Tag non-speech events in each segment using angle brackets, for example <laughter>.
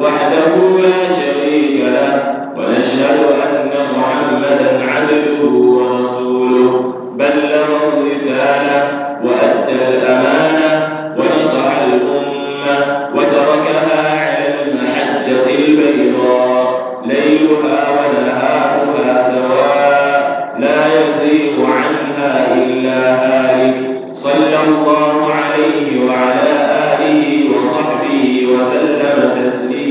وحده لا شريك له ونشهد أن محمدا عبده ورسوله بلغ الرسالة وأدى الأمانة ونصح الأمة وتركها على المحجة البيضاء ليلها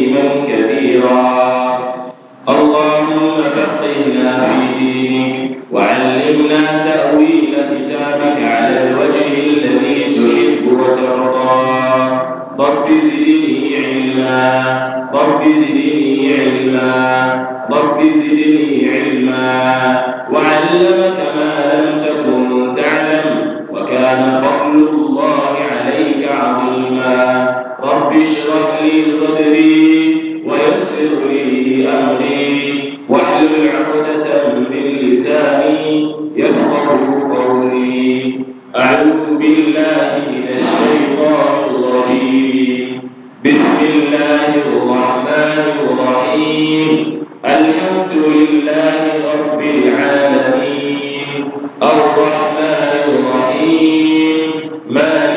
علما كبيرا اللهم فقهنا في دينك وعلمنا تأويل كتابك على الوجه الذي تحب وترضى رب زدني علما رب زدني علما رب زدني علما وعلمك ما لم تكن تعلم وكان فضل الله عليك عظيما رب اشرح لي صدري ويسر لي أمري واحلل عقدة من لساني يفقه قولي أعوذ بالله من الشيطان الرجيم بسم الله الرحمن الرحيم الحمد لله رب العالمين الرحمن الرحيم مالك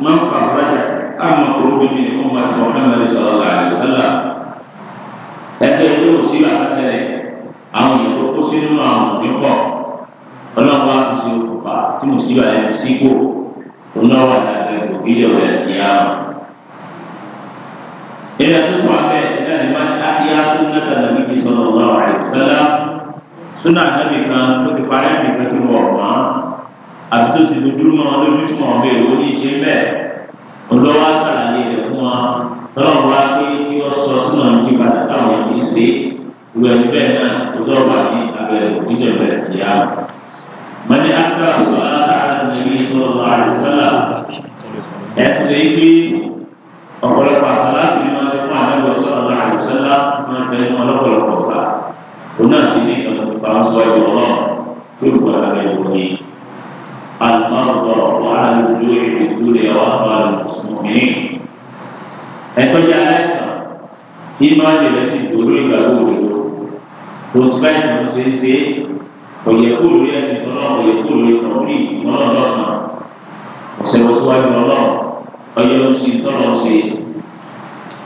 من فرج عن مكروه من أمة محمد صلى الله عليه وسلم ẹgbẹ́ tó o sí àtẹ̀lẹ̀ àwọn èèyàn tó sí nínú àwọn òdìpọ̀ ọlọ́run á fi òkùnfà tí mo sí àyẹ̀wò síkò ọlọ́wọ́ àdàgbẹ̀ òbí ọ̀rẹ́ àti àrùn. إلى تسمع بأس الله أحيا سنة النبي صلى الله عليه وسلم سنة النبي كان تدفع بكثير ورمان àti tó ti dojúrú mọ́ wọn lójú fún ọ̀bẹ ìwọ ní ìṣe bẹ́ẹ̀ olówó àṣàlàyé rẹ̀ fún wọn tọ́lọ́mù wa pé kí wọ́n sọ sínú ọ̀nà ìjì padà táwọn èèyàn ń ṣe ìlú ẹni bẹ́ẹ̀ náà kò tó wà ní abẹ́rẹ́ ìjọba ìyá wọn. mọ́ni akpẹ́ ọ̀sọ́ aláàbí sọ̀rọ̀ àlùfẹ́lá ẹ̀ tó ṣe pé ọ̀pọ̀lọpọ̀ àṣàlá ti ní wọ́n ṣe fún àlẹ́ ọ̀sọ́ àlùfẹ́lá máa tẹ̀lé wọn المرضى وأهل الجوع والذل وأهل المؤمنين ẹtọjá ẹsàn ìmáàlì rẹ sì dòrò ìgbàgbọ́ òdodo òtúbà ìsìn ṣe ń ṣe òyẹkùrù rẹ sì tọ́lọ́ òyẹkùrù rẹ tọ́ orí ìmọ̀ràn lọ́nà ọ̀sẹ̀wọ̀síwájú ọlọ́run ọyọ́ sí tọ́lọ́ ṣe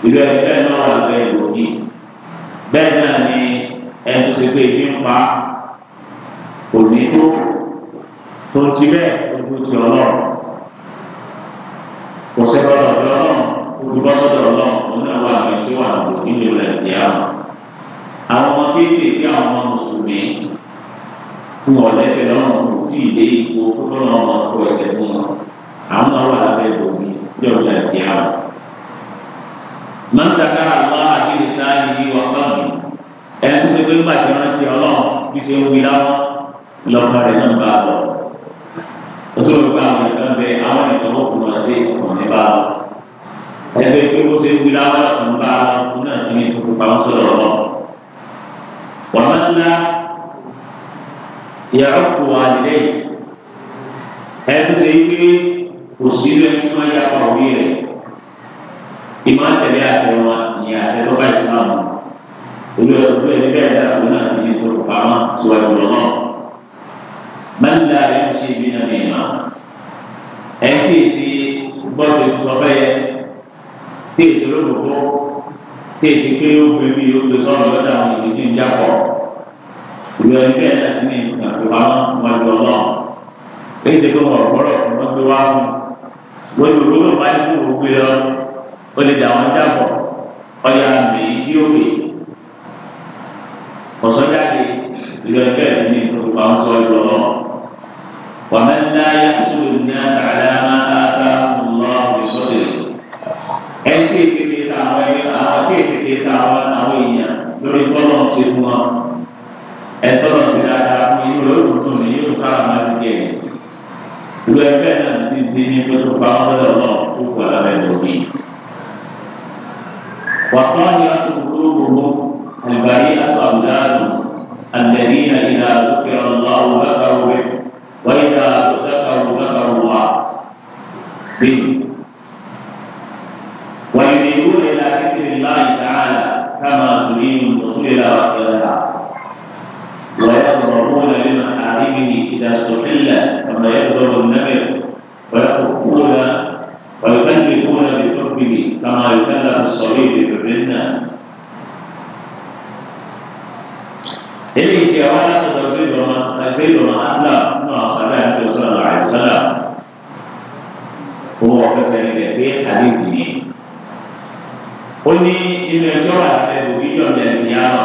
ìlú ẹni bẹ́ẹ̀ náà wà bẹ́ẹ̀ lòdì bẹ́ẹ̀ náà ni ẹni tó ṣe pé ibi ń pa òní tó kù tó ti bẹ́ẹ̀ ojú ti ọlọ́run kò sẹ́kọ̀ọ́ ọ̀dọ́ ọlọ́run olùbọ́sọ̀dọ̀ ọlọ́run òun náà wà ní tí wà lò nílò rẹ̀ ní àwọn. àwọn ọmọ kéékèèké àwọn ọmọ mùsùlùmí fún ọ̀lẹ́sẹ̀ lọ́rùn kò tí ì dé ipò tó lọ́nà ọmọ kó ẹsẹ̀ fún wọn àwọn náà wà lábẹ́ ìbòmí tí ọ̀dọ̀ ẹ̀ ní àwọn. mọ́tàkà àlọ́ àdìrí sáà ní wàkàmù ẹ̀ ń tó ṣe pé bàtí wọn ti ọlọ́run bí ṣe ń wí láwọn lọ́kàn rẹ̀ náà bá a lọ ojú ọ̀rọ̀ bá àwọn ẹ̀ka bẹ àwọn ẹ̀ka wọn kò máa ṣe ọ̀pọ̀ nípa ẹgbẹ́ pé ó ṣe wí láwọn ọ̀sán bá wọn náà ti ní kókó pa wọn sọ̀rọ̀ lọ. wọ́n máa ń lá yàrá kó wa nílẹ̀ yìí tó ṣe wí kò sí lẹ́yìn tí wọ́n yá pa òbí rẹ̀ ìmọ̀ àtẹ̀lé àṣẹ wọn ni àṣẹ lọ́ba ìsìlámù olú ẹ̀ olú ẹ̀ bẹ́ẹ̀ dáa wọn náà ti ní kókó síwájú lọ́wọ́ mẹ́lá ẹ̀ ń ṣe ibi náà mìíràn ẹ̀ ń kí èsì gbọ́dọ̀ ìtọ́fẹ́ yẹ tí èsì olóògbò tí èsì pé ó gbé bí ó gbé sọ́ọ̀rọ̀ lọ́dọ̀ àwọn ìdíjú ń jápọ̀ ìwé ẹni bẹ́ẹ̀ láti ní ìgbàgbọ́n wọn lọ lọ èyí ti kó wọn gbọ́dọ̀ wọn gbé wá fún wọn yóò lóyún wáyé fún òkú yọ ó lè dà wọn jápọ̀ ọ̀yà àmì yóò gbé ọ̀sọ́jáde ìwé ẹni bẹ́ẹ̀ ní ìgbàgbọ́n sọ́ọ̀rọ̀ lọ ومن لا يحسد الناس على ما آتاهم الله بصدره ẹni tí èsì ti ta àwọn ẹni àwọn tí èsì ti ta àwọn àwọn èèyàn lórí tọ́lọ̀ ń ṣe fún wọn ẹ̀tọ́lọ̀ ṣe dáadáa fún inú rẹ̀ ó dùn ní yóò ká àwọn àti jẹ́ ìlú ẹgbẹ́ náà ti di ní pé tó pa wọn lọ́dọ̀ náà ó pọ̀ lábẹ́ lórí. wàtọ́ ni a tó kúrò gbogbo àlùbáyé àtọ̀ àbúdá àlù àlẹ́rí àyíká lókè ọ̀nà ọ̀hún lábàá wẹ̀. وإذا ذكروا ذكروا الله به ويريدون إلى ذكر الله تعالى كما تريد الوصول إلى ويضربون لمحارمه إذا استحلت كما يضرب النمر ويخفون ويكلفون بحبه كما يكلف الصليب بحبنا eléyìí tí àwọn alásọ̀tọ̀ tó ìlú ọmọ ẹgbẹ́ ìlú ọmọ aslam sábẹ́ àti ọ̀sán àwọn àìsọ́là owó ọ̀fẹ́fẹ́ rẹ̀ pé àdéhùn ni. ó ní ilé ẹjọ́ àti ẹ̀rù yíyọ̀ ní ẹ̀mí yàrá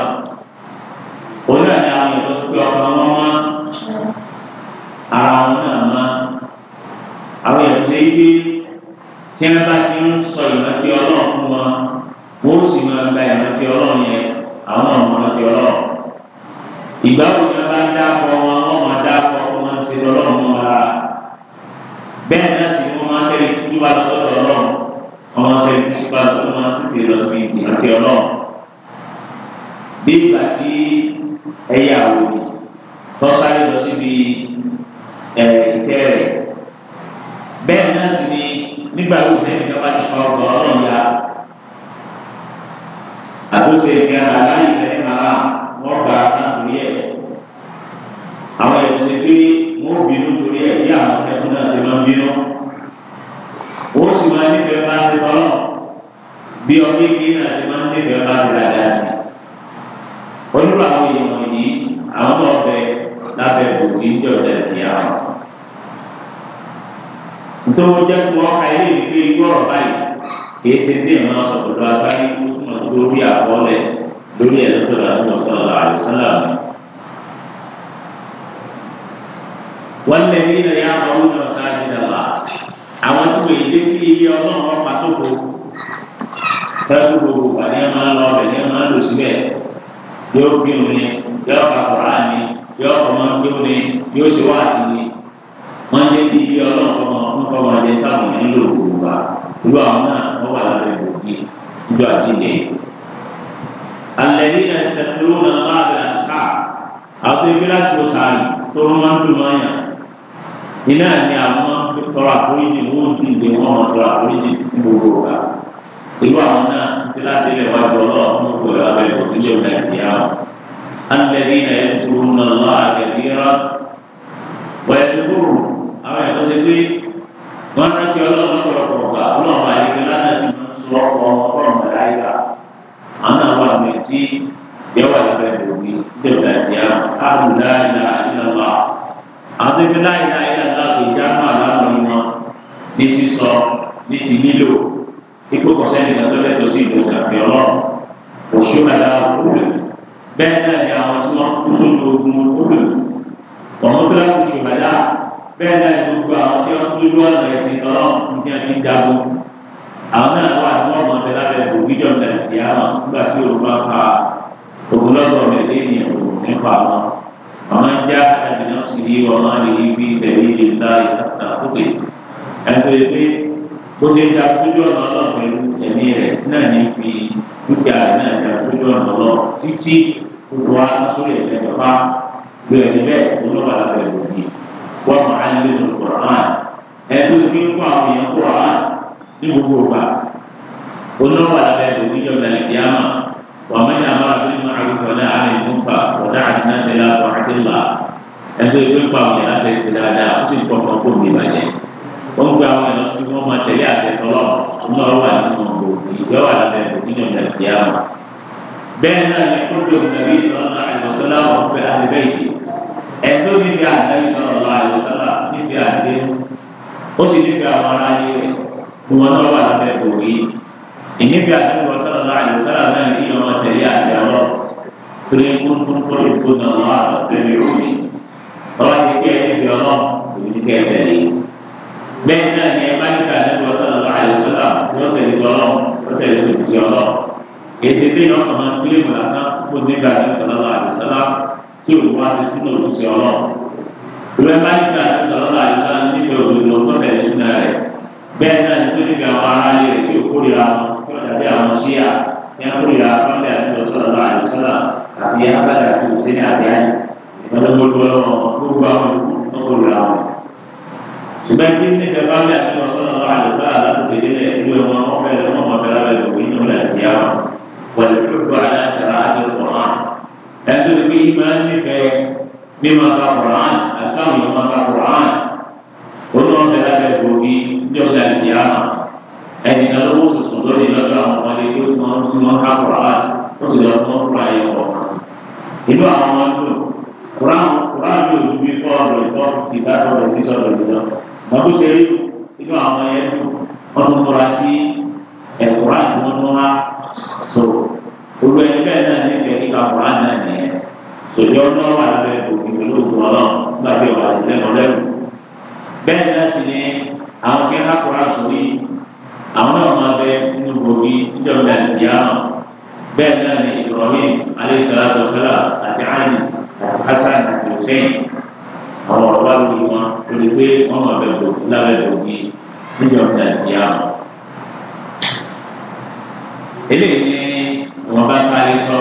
òun náà ní àwọn ìlú pé ọkọ̀ ọmọ ọmọ ara wọn náà má àwọn ìyàtọ̀ ṣe é gbé tí wọ́n bá ti ń lọ sí ìrántí ọlọ́run bí ìgbà tí ẹyà òòlù tó sáré kìí ṣe bí ìmọ̀ ọ̀dọ̀ agbárí kó túmọ̀ sí lórí àkọọ́lẹ̀ lórí ẹ̀ lọ́sọ̀rọ̀ àti ọ̀sọ̀rọ̀ àlùsọ́là mi. wọ́n lé ní ilẹ̀ yá ọmọ wọn lọ sáájú dàgbà àwọn tí wòye dé kí iye ọlọ́run ọ̀pá tó kó fẹ́ẹ́ gbogbo wà ní ẹ̀ máa lọ ọbẹ̀ ní ẹ̀ máa lò síbẹ̀ yóò gbé òun ni yóò kà kọ̀ọ̀rọ̀ àmì yóò kọ̀ máa gbé òun ni yóò ṣe wá àtìní wọ́n lé ní iye ọlọ́run ọmọ ọmọ ọmọ ọmọdé táwọn ẹ̀ ń lò gbogbo wa ìlú àwọn náà ìjọ àdínlẹ̀ alẹ́bí náà ṣẹlẹ̀ ló ń lọ àbẹ̀ àṣà àwọn ẹgbẹ́ láti wọ sàárì tó ń máa ń dùn máa yàn iná ni àwọn tọrọ àforíjì wọn ò dín wọn tọrọ àforíjì gbogbo ọ̀gá ìlú àwọn náà ti láti ilẹ̀ wájú ọlọ́ọ̀ lọ́la tí òun wá sí sínú òṣìṣẹ́ ọlọ́ ìwé bá ní ká àdìsọ́ lọ́la àdìsọ́lá níbi òdodo tọ́tẹ̀ ìṣúná rẹ̀ bẹ́ẹ̀ náà ní tóbi àwọn ará ilé rẹ̀ tí ò kórìíra tí ó dàbí àwọn ní akórìíra tọ́tẹ̀ àdìsọ́ lọ́la àdìsọ́lá àti àti òṣèlú àti àyè ìgbàlódé sebagai ini kembali Rasulullah Sallallahu Alaihi Wasallam jadi dua orang orang ẹtù bí máa ń nífẹ̀ẹ́ mímọ ká Quran àtàwọn ìmọ̀ ká Quran olú ọ̀fẹ́ lábẹ́ gbòógì ní ọ̀gá ìyáàmà ẹni náà lówó sọ̀sọ̀ lórí lọ́dọ̀ àwọn ọmọdé tó ti wọn ti wọn ká Quran ó sì lọ fún ọ̀rọ̀ ayé wọn. inú àwọn ọmọ tó Quran Quran yóò ju bí fọ́ ọ̀rọ̀ ìfọ́ ìbátan rẹ̀ sí sọ̀rọ̀ ìjọ màbú ṣe rí inú àwọn ẹ̀yẹ́ tó olú ẹni bẹ́ẹ̀ náà ní ìfẹ́ nípa kura náà nìyẹn sòjọ́ náà wà lábẹ́ òkè pẹ̀lú òkú ọlọ́run nígbà tí ọ̀rọ̀ àti lẹ́nu lẹ́nu bẹ́ẹ̀ náà sì ni àwọn kẹ́kẹ́ akura sórí àwọn náà máa bẹ nínú gbòógì níjọba ìdíyàwó bẹ́ẹ̀ náà ni Ibrahim aleyhisalatu wasala àti ali àti Hasan àti Hussein àwọn ọ̀rọ̀ wà di wọn lórí pé wọ́n máa bẹ gbòógì lábẹ́ gbòógì níjọba ìdíyàwó eléyìí ni wọn bá sáré sọ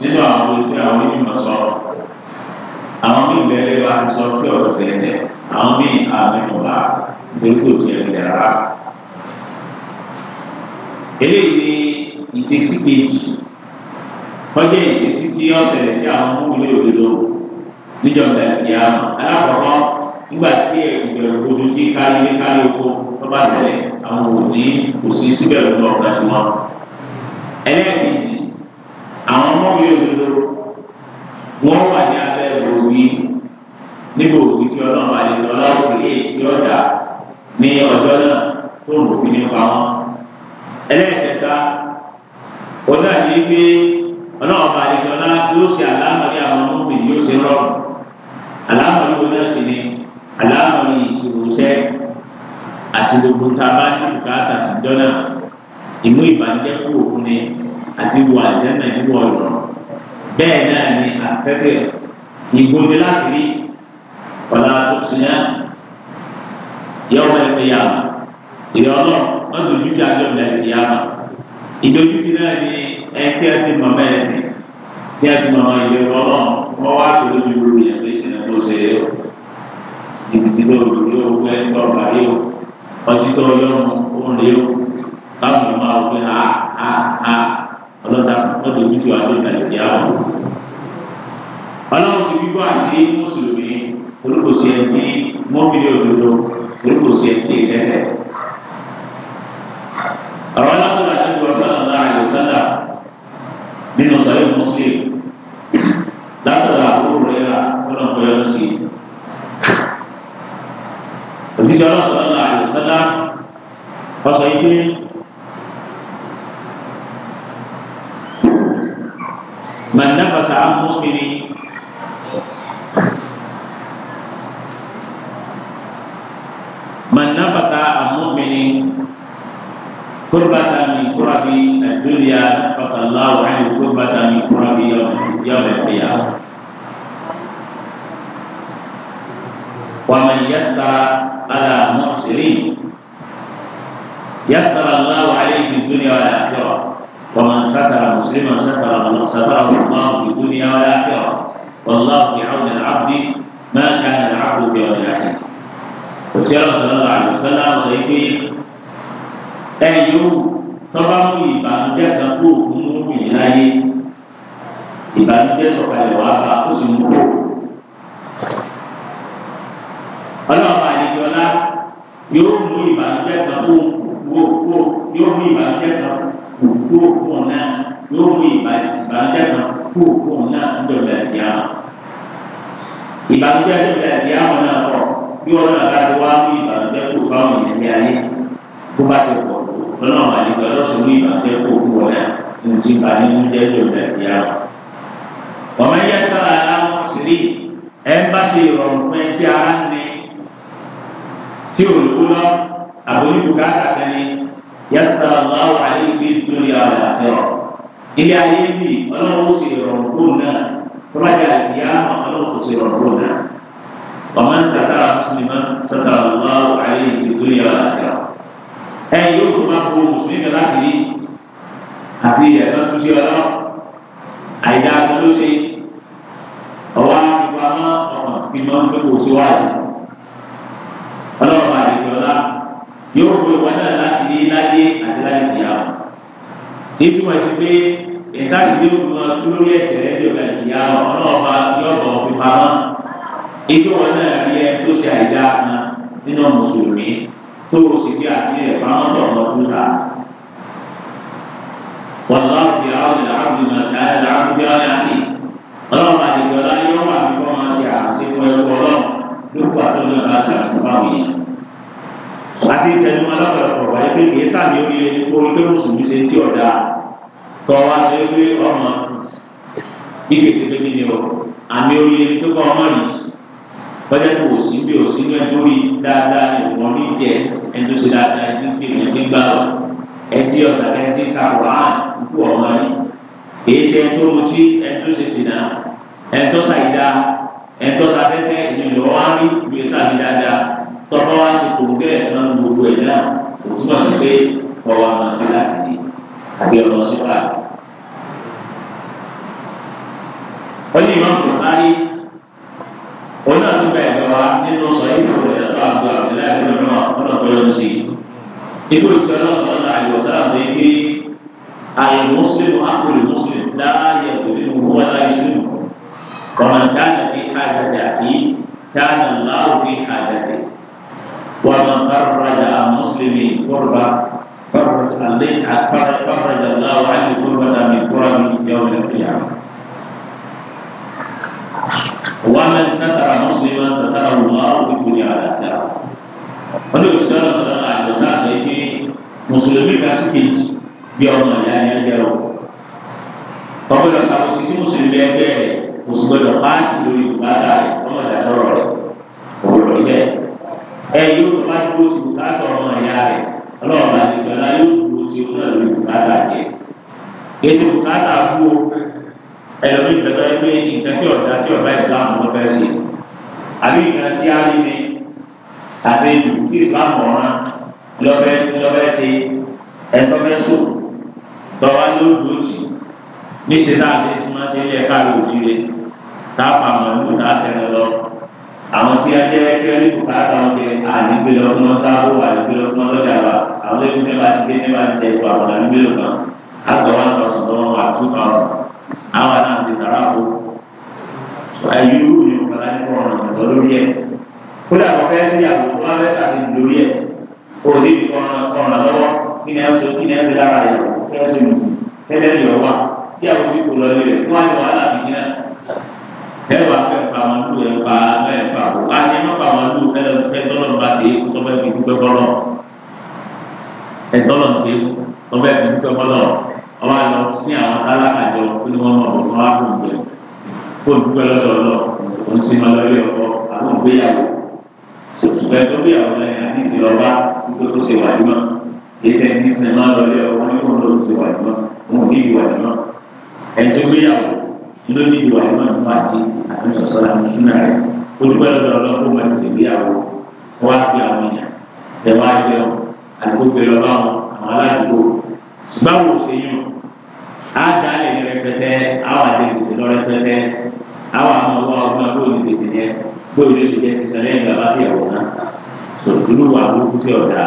nínú àwọn olùkọ́ àwọn onímọ̀ sọ àwọn míì bẹ̀rẹ̀ bá ti sọ pé ọ̀rọ̀ tẹ̀lé àwọn míì àmẹ́nubà gbogbo tiẹ̀ lẹ́ra. eléyìí ni ìṣesí kejì kọjá ìṣesí tí ó ṣẹlẹ̀ sí àwọn ọmọwúlé òdodo níjọba ìyá alákọ̀ọ́kọ́ nígbà tí ìbẹ̀rù gbogbo tí káyé káyé oko tó bá ṣẹlẹ̀ àwọn òní kò sí síbẹ̀ lọ́wọ́ ọ̀gá tiwọn. ẹlẹ́ẹ̀kejì àwọn ọmọ mi ò dodo wọn wà ní abẹ́ ìbòmí òṣìṣẹ́ ọ̀sán àlùsọ́lá ọ̀sán yìí pé ẹ yóò tọ́ba mú ìbànújẹ́ kan kú òkú mú òyìn láyé ìbànújẹ́ sọ̀kalẹ̀ wà bá ó sì mú kó. ọlọ́run àdìjọ́lá yóò mú ìbànújẹ́ kan kú òkú yóò mú ìbànújẹ́ kan kú òkú náà yóò mú ìbànújẹ́ kan kú òkú náà ń dọ̀lẹ̀ ìbànújẹ́ ń dọ̀lẹ̀ náà pọ̀ bí wọn náà láti wá mú ìbànújẹ́ kó báwọn ìdílé ayé kó bá ti pọ̀ tó lọ́nà wà nígbà lọ́sùn mú ìbànújẹ́ kó fún wọn náà ní ti bá nínú jẹ́ tó dà bí a. ọmọ ẹyẹ sára aláwọ̀ sílẹ̀ ẹ ń bá ṣe ìrọ̀rùn fún ẹ tí ara ń ní tí ò lọ àbójútó káàkiri ni yàtọ̀ aláwọ̀ àlẹ́ ìgbé lórí àwọn àtẹ̀rọ̀ ilé ayé bíi ọlọ́run ó ṣe fún náà tó bá jẹ́ àdìyá ومن ستر مسلما ستر الله عليه في الدنيا والآخرة ẹ yóò tó máa kó mùsùlùmí láti rí àti ilẹ̀ náà tó ṣe ọlọ́ àìdá tó ló ṣe ọwọ́ ìgbà náà ọ̀nà ìmọ̀ ń pẹ́ kò sí wáyé ọlọ́run àdìgbọ́lá yóò kó ìwà náà láti rí láyé àti láyé ìyá wọn. ìtumọ̀ sí pé ìdásílẹ̀ òkú ìjọ wọn náà rí ẹ tó ṣe àìdá àná nínú mùsùlùmí tó o sì fi àti ẹ̀ fáwọn tọ̀nà tó ta. wọn lọ fi àwọn ìlànà ìlànà ìlànà ìlànà àti ọlọ́run àdìgbò láyé wọn wà ní wọn máa ṣe àṣepọ̀ ẹ̀kọ́ ọlọ́run lókùn àtọ́jú ọ̀la ṣe àtúbáwò yẹn. àti ìtẹnumọ́ lọ́pọ̀lọpọ̀ wáyé pé kì í sàmì orí orí pé mùsùlùmí ṣe ti ọ̀dà tọ́ o àmì orí ẹni tó ọmọ yìí bọ́jà tó wò sí bí o sí ní ẹjọ́ rí dáadáa ìwọ̀n ní jẹ ẹni tó ṣe dáadáa ẹni tó ń gbé gbà ọ ẹtí ọ̀sán ẹni tó ń ka Quran kú ọ̀mọ́ ni èyí ṣe ẹni tó mutí ẹni tó ṣe sìnà kí ni ẹ sọ kí ni ẹ sọ lára rẹ kí ẹ sọ nù tẹ́lẹ̀ ní ọwọ́ kí àwọn tí kò lọlé rẹ kí wọn ní wàhálà bí jìnnà tẹwà fẹ fà wọn lù ẹ fà fẹ fà kó a ní má fà wọn lù ẹlẹ fẹ tọlọ ń bá ṣe é tó bẹ fi dúpẹ́ bọlọ ẹ tọlọ ń ṣe tó bẹ fi dúpẹ́ bọlọ ọwọ́ àlọ sí àwọn tálákà jọ kí wọn mọ ọdún wa kò gbẹ kó dúpẹ́ lọ́tọ̀ lọ kò ń ìṣe ní sinimá lọlé ọwọ́ ní kò lóun ti wà nímọ̀ òun ní ìwà nímọ̀ ẹni tó gbéyàwó ló ní ìwà nímọ̀ nípa àti àtúnṣe sọ́la ní súnà rẹ̀ olùkọ́ ẹ̀rọ ọlọ́kọ́ máa ti gbéyàwó wá sí àwọn èèyàn ẹ̀wá jẹ́ ọ àdúgbò lọ bá wọn àwọn aládùúgbò ṣùgbọ́n àwọn òṣèyàn á dá lè ní rẹpẹtẹ àwọn àdéhùn lọ rẹpẹtẹ àwọn àwọn ọgbà ọgbà bóyá ìdèjì yẹn bóyá ìdèjì yẹn ti sọ lẹ́yìn bàbá sí ẹ̀wọ̀n náà sọ̀rọ̀ ìlú wà lókùtì ọ̀dà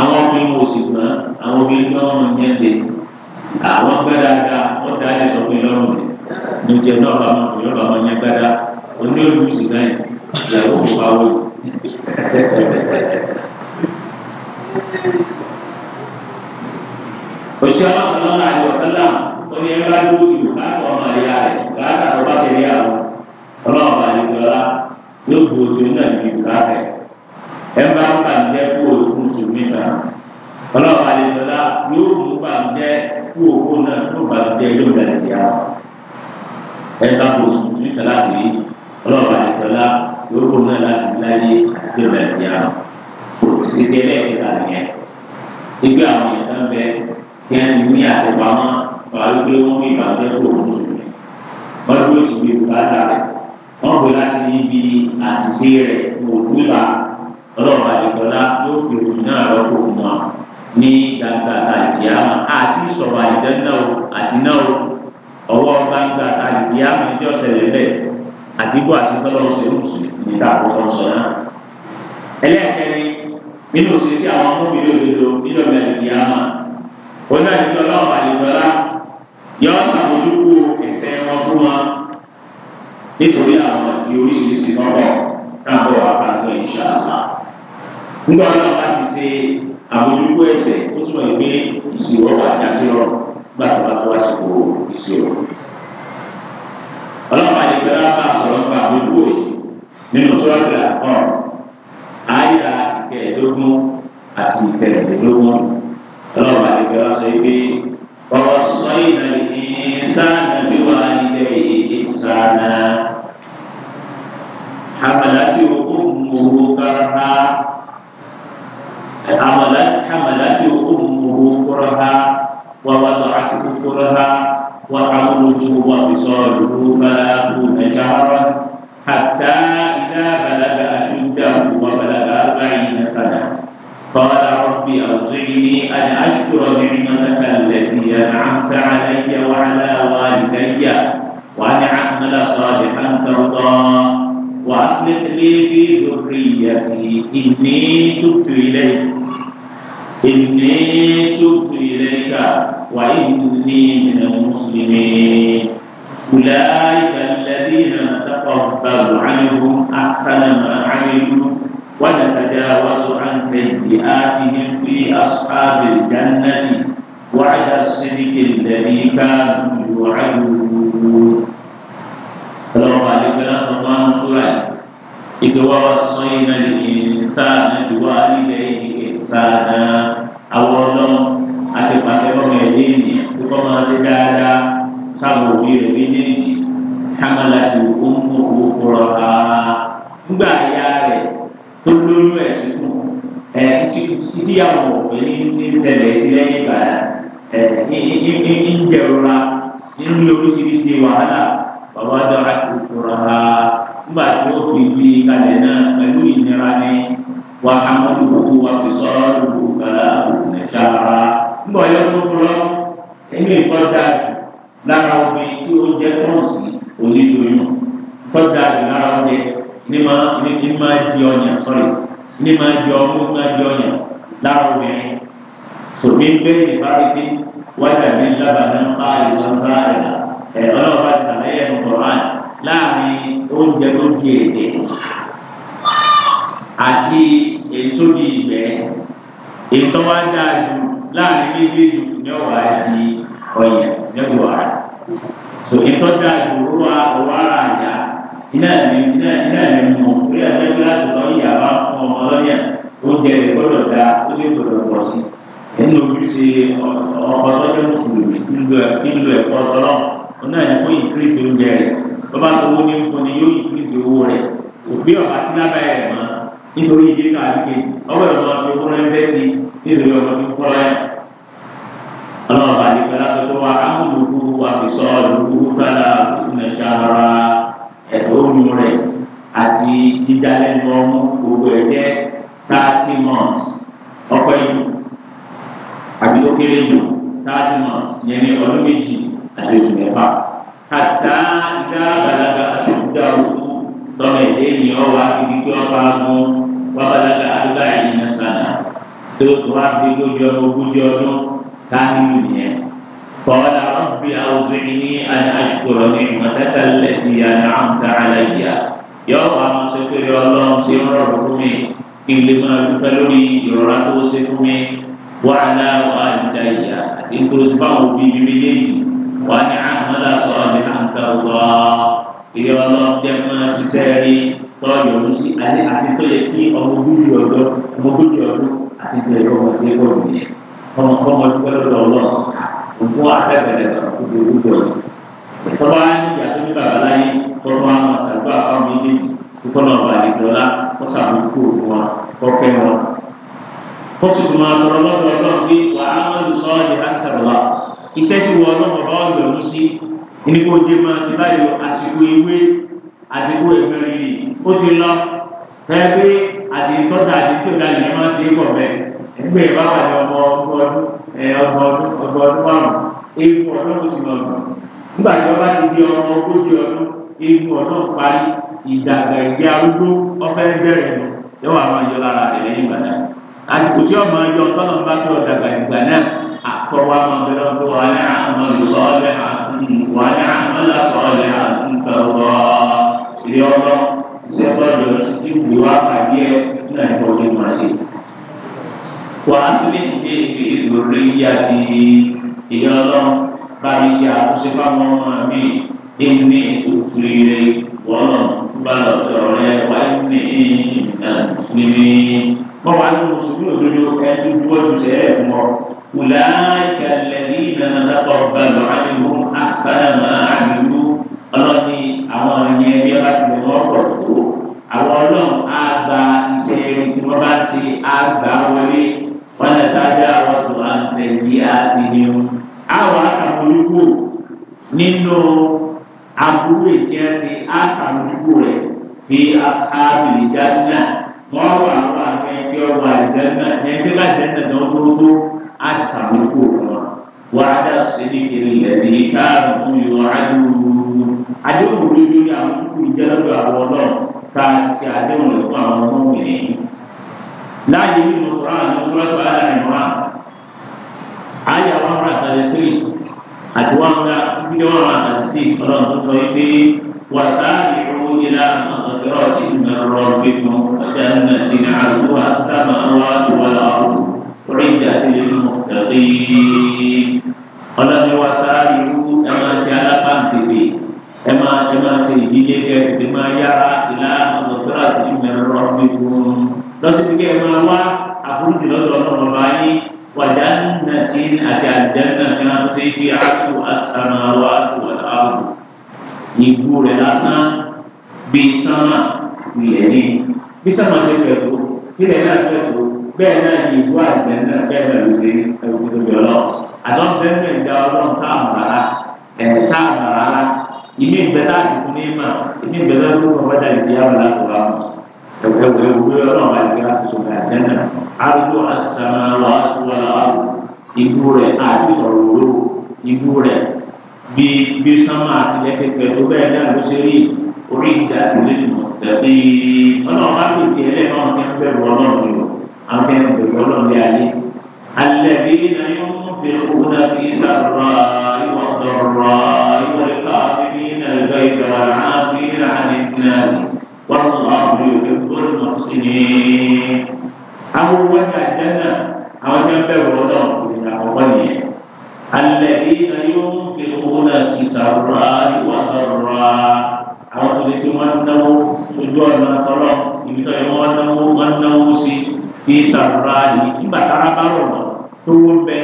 àwọn obìnrin ò sì gbọ́n àwọn obìnrin náà wọn ní ẹ̀jẹ̀ àwọn gbẹ́dàgbà wọ́n dá ẹ̀jẹ̀ sọ́kùn lọ́rùn rẹ̀ ní oúnjẹ náà bá wọn yọ̀ọ́ bá wọn yẹn gbẹ́dà oní olú sì náà ìyàwó kò bá wọ òṣìṣẹ́ wọn sọ lọ́nà àyè ọ̀sánlá ó ní ẹgbẹ́ ló ti wò láàbọ̀ ọmọ ìyá rẹ̀ láàbọ̀ ọba ṣe rí àwọn ọlọ́ọ̀bà ìgbọ̀lá yóò bu òṣèlú náà ní ìgbà rẹ̀ ẹ bá ń bàjẹ́ kú òkun sùnmí náà ọlọ́ọ̀bà àlejòlá yóò mú bàjẹ́ kú òkun náà tó bàjẹ́ yóò dàdí ya ẹ bá kú sùnmí náà láti rí ọlọ́ọ̀bà àlejòlá yóò kó náà láti rí láyé àti yóò dàdí ya ìsìtì ẹlẹ́ẹ̀kẹta nìyẹn ìgbé àwọn ìyàtọ̀ ń bẹ kí ẹ ní àtẹ̀pamọ́ pàlú pé wọ́n mú ìbàjẹ́ kú òkun sùnmí wọ́n dúró sí ibi ìbùkátà rẹ̀ wọ́n kó láti ibi àṣìṣe rẹ̀ òkúta ọlọ́run àdìgbọ́lá yóò fi òkùn náà rọ́pò fún wa ní gbangba àdìyàmà àti sọ̀rọ̀ àdìjẹ́ náà àti náà ọwọ́ gbangba àdìyàmà ẹjọ́ ṣẹlẹ̀ bẹ́ẹ̀ àti bó àti tọ́lọ́run ṣe ń sùn níta àkókò sọ náà. ẹlẹ́ẹ̀kẹ́rin nínú òṣìṣẹ́ àwọn ọmọbìnrin òdodo nínú ọ̀gbìn àdìyàmà oní àdìgbọ́lá ọ̀rọ̀ àdìgbọ́lá yọ sàmójúkú ẹ̀ṣẹ̀ wọn fún wa nítorí nígbà wọn bá ti ṣe àmójúkú ẹsẹ̀ ó túmọ̀ ìpè ìṣirò wà dásírọ̀ gbàtọ́ bá tó àsìkò ìṣirò. ọlọ́pàá ìgbẹ́ wa bá sọ̀rọ̀ nípa àmójúkú yìí nínú sọ́ọ̀dà kan àyà ìkẹẹ̀ẹ́dógún àti ìkẹẹ̀ẹ́dógún ọlọ́pàá ìgbẹ́ wa sọ pé ووصينا الإنسان بوالديه إحسانا حملته حملت حملته أمه كرها ووضعته كرها وحمله وفصاله ثلاثون شهرا حتى إذا بلغ أشده وبلغ أربعين سنة قال رب أوزعني أن أشكر نعمتك التي أنعمت علي وعلى والدي وأن أعمل صالحا ترضاه وأصلح لي في ذريتي إني تبت إليك إني تبت إليك وإني من المسلمين أولئك الذين نتقبل عنهم أحسن ما عملوا ونتجاوز عن سيئاتهم في أصحاب الجنة وعلى الصدق الذي كانوا يوعدون ọlọ́wọ́ àdégbélá sọ fún àwọn fúra ìgbéwà sọ́n iná ìsáàdá ìwà ilẹ̀ ìsáàdá àwọn ọlọ́run àti pàṣẹ fọmọ ẹ̀yẹ ènìyàn tó kọ́ máa ṣe dáadáa sábà òbí rẹ̀ méjèèjì kámẹ́lá ti ó ń mú owó kúrọ̀ ha nígbà ìyá rẹ̀ tó lóyún ẹ̀ sínú ẹ̀ ìdíyàwó ọ̀pẹ ní ìṣẹ̀lẹ̀ ìṣẹ̀lẹ̀ ìgbà ẹ̀ ń jẹ̀rora ń lórí ṣiríṣi wàhálà. bàbá jọ àtúntòrò ha nígbà tí ó fi bí kalẹ̀ náà pẹ̀lú ìnira ní wà á mọ́tò gbogbo fi gbogbo kàlà òkú nìjà ara nígbà tó kúrọ́ ẹni ìtọ́jà lára obìnrin tí ó jẹ́ kọ́ọ̀sì onídùúyún tọ́jà lára ní di sọ́rí ní di ọmú ní di lára obìnrin bẹ́ẹ̀ wájà ní lábàá náà ọlọ́run bá ti sàlàyé ẹnu koran láàrin oúnjẹ tó di èdè àti ètò di ìgbẹ́ ètò wa dáa ju láàrin méjèèjì ní ọ̀wá di ọ̀yẹ̀ lẹ́gbẹ̀ẹ́ wàrà so ètò dáa ju owó ara àyà iná ẹ̀mí iná iná ẹ̀mí mọ̀ orí ẹ̀fẹ́ láti lọ yìí àbá fún ọmọ lọ́yẹ̀ oúnjẹ rẹ̀ gbọ́dọ̀ dáa ó sì gbọ́dọ̀ pọ̀ sí nínú ojúṣe ọkọ̀ tọ́jú mùsùlùmí nílò ẹ̀kọ́ tọ́lọ́mù ọ̀nà yẹn kó ìkírísì oúnjẹ rẹ̀ bọ́bá sanwó ní fún ni yóò ìkírísì owó rẹ̀ òbí ọ̀bá sí lábẹ́ ẹ̀ mọ́ nítorí ìdí náà àdúgbò ọwọ́ ìwọ̀n máa fi owó rẹ̀ bẹ́ẹ̀ sí nítorí ọmọ fi kọ́ ẹ̀ ọlọ́ọ̀bà nìkan láti kó wa ámúlùkú àfisọ́ ọ̀lùkú gbàdá ìnàṣàrà ẹ̀tọ́ òun rẹ̀ àti dídálẹ́nu ọmú gbogbo ẹ̀ jẹ́ thirty months ọ̀pẹ́ yìí àbí ó kéré thirty months yẹn ní ọdún méjì àdéhùn ẹ̀fà kàtà ìdá balaga aṣọ́jà òkú tọ́lá ìdè ni ọ wá ibi tí ọba mú wá balaga àdúgbà yìí ní sànà tó tó wá fi lójú ọdún ogójì ọdún káàkiri nìyẹn. قال رب أوزعني أن أشكر نعمتك التي أنعمت علي يوم أمسكر يا الله سيرا ربكم ilé máa dúpẹ́ lórí ìrora tó ṣe fún mi wà á láwọ ìyá àti nítorí báwo bí ibi méjèèjì wà ní àmàlà sọ̀rọ̀ ní àǹkàwà ìyá ọlọ́run jẹ́ máa ṣiṣẹ́ rí tọ́jú ọdún sí alẹ́ àti tó yẹ kí ọmọ ogójì ọdọ ọmọ ogójì ọdún àti tó yẹ kí ọmọ sí ẹgbẹ́ òun yẹn ọmọ ọmọ dúpẹ́ lọ́dọ̀ ọlọ́run òkú àtẹ̀bẹ̀rẹ̀ ọkọ̀ ogójì ọdún. tọ́ba ìyá tó ní bàbá láyé tọ́ba àwọn ṣàdúrà fáwọn ilé ìkọ́nà ọ̀bà àdìgbọ́lá kó sàmójúkú òkú wa kó fẹ́ wọn. ó sì máa tọrọ lọ́dọ̀ ọlọ́run iṣẹ́ tí wọ́n ọlọ́mọ bá wà lọ́wọ́ sí ní kó dé máa ṣe báyìí àsìkò ewé àsìkò ẹ̀gbẹ́ rírì ó ti lọ fẹ́ẹ́ pé àdìtọ́ta àdìtọ́ta lè máa ṣe pọ̀ bẹ́ẹ̀ ẹgbẹ́ ìbá wà ní ọmọ ọdún ọgbọ̀n ọdún márùn-ún ewu ọdún kò sì lọ lọ nígbà tí wọ́n bá ti di ọmọ ogójì ọdún ewu ọdún parí ìdàgbà ìdí arúgbó ọfẹ́ bẹ̀rẹ̀ lọ yẹ́wọ́ àwọn ìjọba rẹ̀ lẹ́yìn ìgbà náà àsìkò tí ọmọ ọjọ́ tọ́nà bá tó ọ̀dàgbà ìgbà náà أقوام برب ونعمل صالحا ونعمل صالحا ترضى اليوم سيقول المسجد بواقع لا يقول المسجد وأصلح في ذريتي اليوم بارك أوصف أمامي إني تبت إليك ولم بلغ وإني من المسلمين. Bọ́lá ló ń sọ fún òdodo ẹni tó dúró ju sẹ́yẹ̀ fún ọ. أولئك الذين نتقبل عنهم أحسن ما عملوا ọlọ́ni àwọn ẹni ẹbí ọba tí mo lọ́ pọ̀ tó àwọn ọlọ́run á gba iṣẹ́ ẹni tí wọ́n bá ti á gbà wọlé wọn lè dájọ́ àwọn tó à ń tẹ̀lé àdìní o. àwọn aṣàmójúkò nínú aburú ètí ẹ ti aṣàmójúkò rẹ̀ fi aṣáájú ìdáná wọ́n wà wọ́n àwọn ẹni tí wọ́n wà ìdáná ẹni tí wọ́n bá ìdáná náà tó tó àtàmúkò wọn wàhálà sílẹ̀ ìrìnlẹ̀ ní káàmù yọ̀ àdúró àdéhùn olóyún ní àwọn kúkú ìjẹ́lẹ́dọ̀ àwọn ọlọ́run ká ti àdéhùn rẹ̀ fún àwọn ọmọ wìnyí. láàyè nínú Quran ní sọ́lọ́tò aláìmọ́ra ayé àwọn ọmọ àtàlẹ́ tírì àti wọn ọmọ bíi wọn àtàlẹ́ sí ọlọ́run tó sọ wípé wàsáàlì owó ilá àtọ̀tẹ̀rọ̀ ti ń bẹ̀rọ̀ bí wọn ọjà náà ti ní àlùkò àti sábà wọn àti wọn lọ́rùn. عدة للمتقين ọlọ́ni wa sáárì irú ẹ máa ṣe alápáǹtẹ̀tẹ̀ ẹ máa ẹ máa ṣe ìdílé kẹ ẹ máa yára ìlà ọ̀dọ̀tọ́rọ̀ àti ìmọ̀ràn ọ̀gbìn fún un lọ́sibítẹ́ ẹ máa wá àforíjì lọ́dọ̀ ọlọ́run ọba yín wàdà nínà tí àti àdánà kan tó bẹ́ẹ̀ náà ni ìlú àgbẹ̀ náà bẹ́ẹ̀ náà ló ṣe ẹ̀rù tó bí ọlọ́run àtọ́ bẹ́ẹ̀ ìjà ọlọ́run táàmù rárá ẹ̀ táàmù ìmí ìgbẹ́ tá ní mà ìmí ìgbẹ́ náà ló kọ́ bọ́dà ìdí àwọn alákòóbá mọ̀ ẹ̀wẹ̀ ìwé ọlọ́run bá ìgbẹ́ àtúntò ní àjẹ́ náà arúgbó àṣàmà lọ àtúwọ̀ rẹ̀ àti orí ìdá ìlú ìmọ̀ tẹ̀lé ọlọ́run bá pèsè ẹlẹ́ẹ̀kan tí wọ́n fẹ́ wọ ọlọ́run أمين بقولهم يعني الذين ينفقون في سراء والضراء والكاظمين البيت والعافين عن الناس والله يحب المحسنين أو وجدنا أو سبب وضعه من أولياء الذين ينفقون في سراء وضراء أو تلك من سجوا من طرف إذا يوم نمو fi sàrà yìí nígbà tára bá rọ̀ wọ́n tó wọ́n bẹ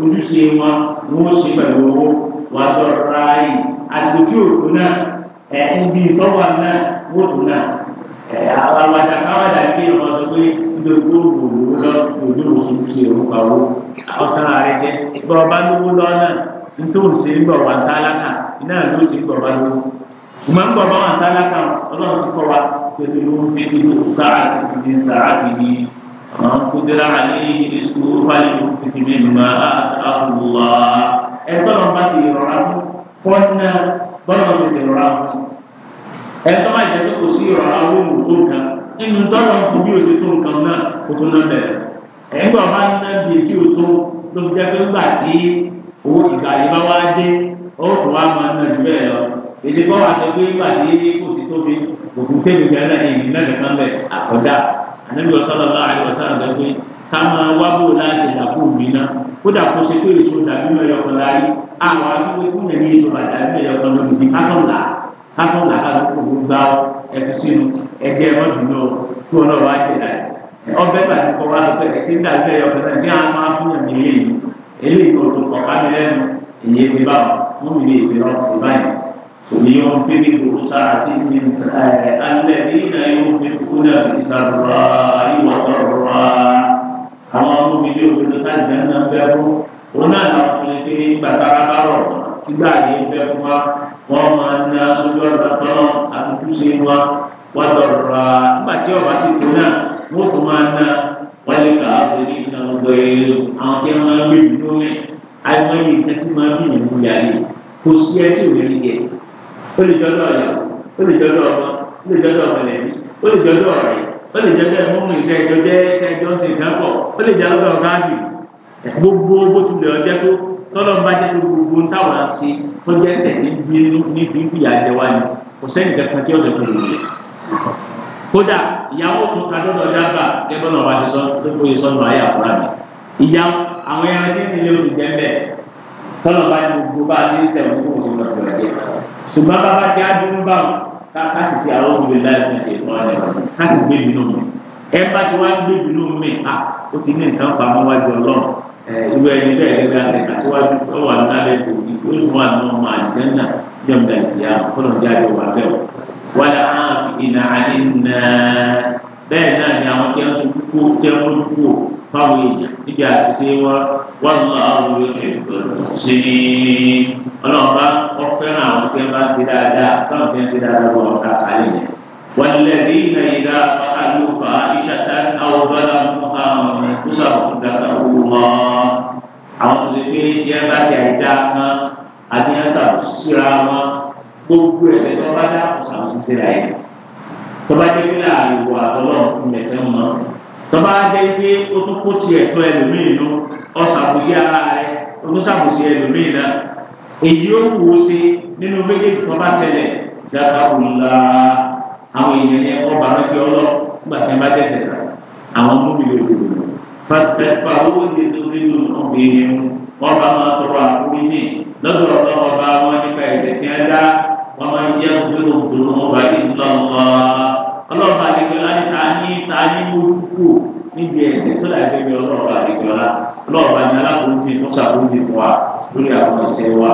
ojúṣe wọn wọ́n ṣe pẹ̀lú owó wà á dọ̀rọ̀ ayé àsìkò tí òkú náà ẹ̀ ibi ìtọ́wà náà wọ́n tún náà ẹ̀ àwọn àwàdà káwàdà bí wọ́n sọ pé ilé owó òwò lọ òjò òṣùṣe òǹkà owó ọ̀tàn ààrẹ jẹ́ ìgbà ọba lówó lọ́nà nítorí òṣè ń gbọ̀ wà ń tálákà iná ló ṣe gbọ̀ ọba lówó ìmọ̀ ń gbọ̀ ọba wà ń tálákà ọlọ́run ti kọ́ wa pẹ̀lú ìlú sáà ti di sáà ti di. من قدر عليه رزقه فلينفق مما آتاه الله ẹtọ́nà bá ti rọra mú fọ́nà bọ́nà ti ti rọra mú ẹtọ́ bá jẹ́ pé kò sí ìrọ̀lá owó mú tó nǹkan nínú tọ́nà kù bí òsì tó nǹkan náà kò tó náà bẹ̀rẹ̀ ẹ̀ńgbà bá ń ná bí etí òtó ló fi jẹ́ pé ńgbà tí owó ìgbà yìí bá wá dé ó kò wá máa ná jù bẹ́ẹ̀ lọ èdè bọ́ wá sọ pé ńgbà tí kò ti tóbi òkú tẹ́lẹ̀ náà èyí náà nìkan bẹ̀ àkọ́dá ànábì sallallahu alaihi wasallam gbé ká máa wábò láti dàbò mi náà kódà kó ṣe pé èso dàbí mẹ́rin ọkọ̀ láàyè àwọn akíwé fún ẹ̀mí èso dàbí mẹ́rin ọkọ̀ lọ́dún ní kákànlá kákànlá kákànlá gbá ẹ̀fí sínú ẹgbẹ́ mọ́dúnlọ́ kí wọn náà wá ọbẹ̀ bàtí kọ́ wá ẹ̀kí ń dàbí mẹ́rin ọkọ̀ náà àwọn máa ẹ̀mí لينفق ذو سعة من سعة الذين ينفقون في سراء وضراء àwọn ọmọ mi yóò fi ká ìdáná bẹ fún wọn náà làwọn ọmọ ní kí gbàtàrà bá rọ sígbà yìí bẹ fún wa wọn máa ń ná sójú ọ̀dà tọ́lọ́ àtúntò ṣe wa wọn dọ̀rọ̀ à nígbà tí ọba sì tó náà wọn kò máa ná wọn lè kà á fún ní ìlànà gbẹ̀rẹ̀ àwọn tí wọn máa ń gbé ìdúró lẹ̀ àìmọye ìtẹ́tí máa ń bí ìlú yàrá kò sí ẹ tí ò ó lè jọjọ ọyà ó lè jọjọ ọmọ ó lè jọjọ ọmọ lẹ́yìn ó lè jọjọ ọ̀rẹ́ ó lè jọjọ ẹmọmọ ìjọ ìjọ jẹ ẹjọ sí ìdápọ ó lè jọjọ ọgáàdì gbogbo bó ti lè ọjẹ tó tọlọ ń bá jẹ tó gbogbo ń táwọn ṣe tó jẹ ẹsẹ ní bí ní bí ń ni kò sẹ́ni kankan tí ọ̀sẹ̀ tó lè lè kódà ìyàwó tó ta dọ́dọ̀ dábà kẹ́kọ̀ọ́ náà wà ní sọ tó kó yẹ sọ́nù ayé àkúrà mi ìyá àwọn ẹran tí ń tilé olùjẹ́ mbẹ́ tọ́lọ̀ bá ní gbogbo bá ní sẹ́wọ̀n tó kò sí lọ́dọ̀ rẹ̀ ṣùgbọ́n bàbá tí a dúró bá wọn ká sì ti àwọn òbí láì fún ṣe fún ọ̀rẹ́ wọn ká sì gbé bínú mi ẹ bá ti wá gbé bínú mi à ó ti ní nǹkan pa mọ́ wájú ọlọ́run ìwé ẹni bẹ́ẹ̀ ní bá ṣe kàṣíwájú tó wà lálẹ́ kò ní ó lù wà nù ọmọ àjẹ́nà jọ̀ǹda ìyá kọ́nà jáde wà bẹ́ẹ̀ wà lá ìnà àdínà bẹ́ẹ̀ náà ni àwọn tí wọ́n ti kú fáwọn èèyàn níbi àṣìṣe wọn wọn lọ àwọn olùkọ́ ṣe ní ọlọ́ọ̀bá ọ̀fẹ́ràn àwọn tẹ́ bá ń ṣe dáadáa táwọn tẹ́ ń ṣe dáadáa wọn ọ̀ka àlẹ́ yẹn. والذين إذا فعلوا فاحشة أو ظلموا أنفسهم ذكروا الله àwọn tó ṣe pé tí ẹ bá ṣe àìdá kan àti ẹsà síra wọn gbogbo ẹsẹ tó bá dá kò síra yẹn tó bá jẹ pé láàrin ìwà àtọlọ́run mọ tọ́ba jẹ́ pé ó tún kó tiẹ̀ tó ẹlòmíì nù ọ̀sàbùsí ara rẹ̀ ó tún sàbùsí ẹlòmíì náà èyí ó wù ó ṣe nínú méjèèjì tó bá ṣẹlẹ̀ dábàá wù la àwọn èèyàn yẹn wọ́n bá rántí ọlọ́ nígbà tí wọ́n bá tẹ̀sẹ̀ rà àwọn tó bìí lòdì lòdì pàṣípẹ́pà owó ti tó nínú ọ̀gbìn yẹn wọ́n bá máa tọrọ àkúrí ní lọ́dọ̀ ọ̀dọ́ ọba wọn nípa ẹ̀sẹ̀ tí wọ́n dá wọ́n máa ń yẹ ọlọ́run bá dìgbò láti ta ní ta ní mojúkò níbi ẹ̀sìn tó dàgbé mi ọlọ́run bá dìgbò lá ọlọ́run bá ní alákòóso tó sàkóso fún wa lórí àwọn ẹ̀sẹ̀ wa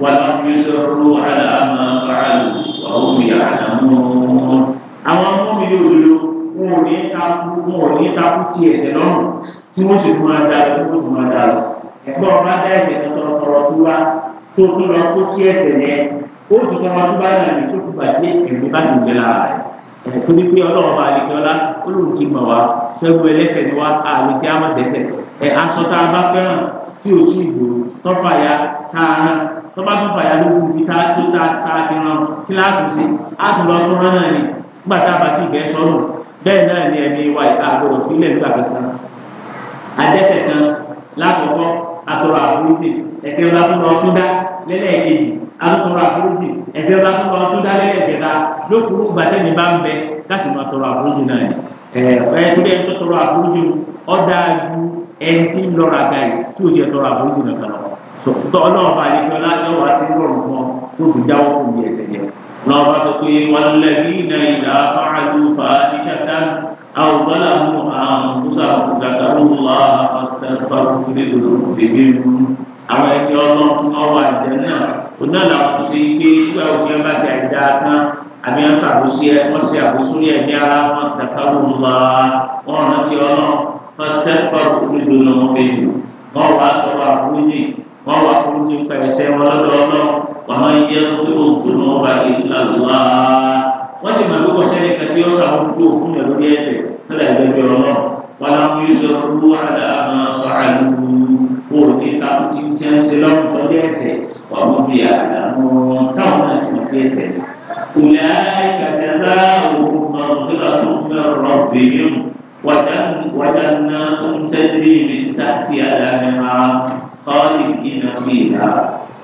wọn lọ fi sọ̀rọ̀ àlà àmà fàálù ọ̀hún ìyá àdàmú. àwọn ọmọbi olóyò wọn ò ní takú wọn ò ní takú ti ẹ̀sẹ̀ lọ́rùn tí wọ́n sì fún adá lọ tí wọ́n fún adá lọ ẹ̀gbọ́n bá ẹ̀kú ní pé ọlọ́run bá alẹ́ kíọ́lá olóhùn ti mọ̀ wá fẹ́ẹ́ ẹlẹ́sẹ̀ ni wá àlè tí a mọ̀ dẹ́sẹ̀ ẹ̀ aṣọ tá a bá fẹ́ràn tí o sì gbòòrò tọ́fà ya tá a rán tọ́ba tọ́fà ya lókun bí tá a tó tá a ti rán kíláàsì sí a tún lọ tó rán náà ni nígbà tá a bá ti bẹ́ẹ̀ sọ́rùn bẹ́ẹ̀ náà ni ẹni wa àgọ́rọ̀ sílẹ̀ nígbà kankan adẹ́sẹ̀ kan lákọ̀ọ́kọ́ atọ̀rọ̀ àbúrúdè ẹ̀kẹ́ lọ́tún lọ́tún dá lẹ́lẹ́ẹ̀kejì alùpùpù àforíjì ẹ̀ṣẹ̀ bá tó kọ́ tó dálé ẹ̀kẹta lókùrú gbàtẹ́ ní bá ń bẹ káṣí máa tọrọ àforíjì náà ẹ̀ ẹ̀ tó dẹ́ tó tọrọ àforíjì ọ̀dà ju ẹni tí ń lọ́ra ga yìí tí ò jẹ́ tọrọ àforíjì náà kan tọ́ ọlọ́run bá yẹ kí ọlá yọ wá sí rọrùn kan tó fi jáwọ́ fún mi ẹ̀ṣẹ̀ yẹn lọ́wọ́ bá sọ pé wọn lẹ́bí iná ìlà fárájú fàájíkàtà àwòbálà mú àwọn kúsà òkúta lọ́wọ́ àwọn ọ̀sẹ̀ fáwọn kúlẹ̀ lọ́wọ́ bèbè mú àwọn ẹni ọlọ́run ọwọ́ àjẹ náà oná làwọn tó ṣe pé ṣúgbà òfin ẹ̀bá ṣe àìdá tán àbí wọn ṣàkóso ẹ wọn ṣe àkóso rí ẹ̀mí ara wọn tàkà wọn wá wọn rántí ọlọ́run wọn ṣe fọwọ́ olùdó lọ wọn bẹ lò wọn wà sọ̀rọ̀ àfúnjì wọn wà fúnjì nípa ẹsẹ̀ wọn lọ́dọ̀ ọlọ́run wọn yẹ kó tó tó wọn bá lè lálùwá wọn sì máa lókọ̀ sẹ́ni kan tí ó ṣàkóso òfin ẹ̀ lórí ẹsẹ̀ lọ́dà ìgbẹ́jọ́ ọlọ́run wọn làwọn yóò sọ fún wọn àdá àwọn àṣọ àlùkò òní وهم يعلمون كون اسم كيسر أولئك جزاؤهم مغفرة من ربهم وجنات تجري من تحتها الأنهار خالدين فيها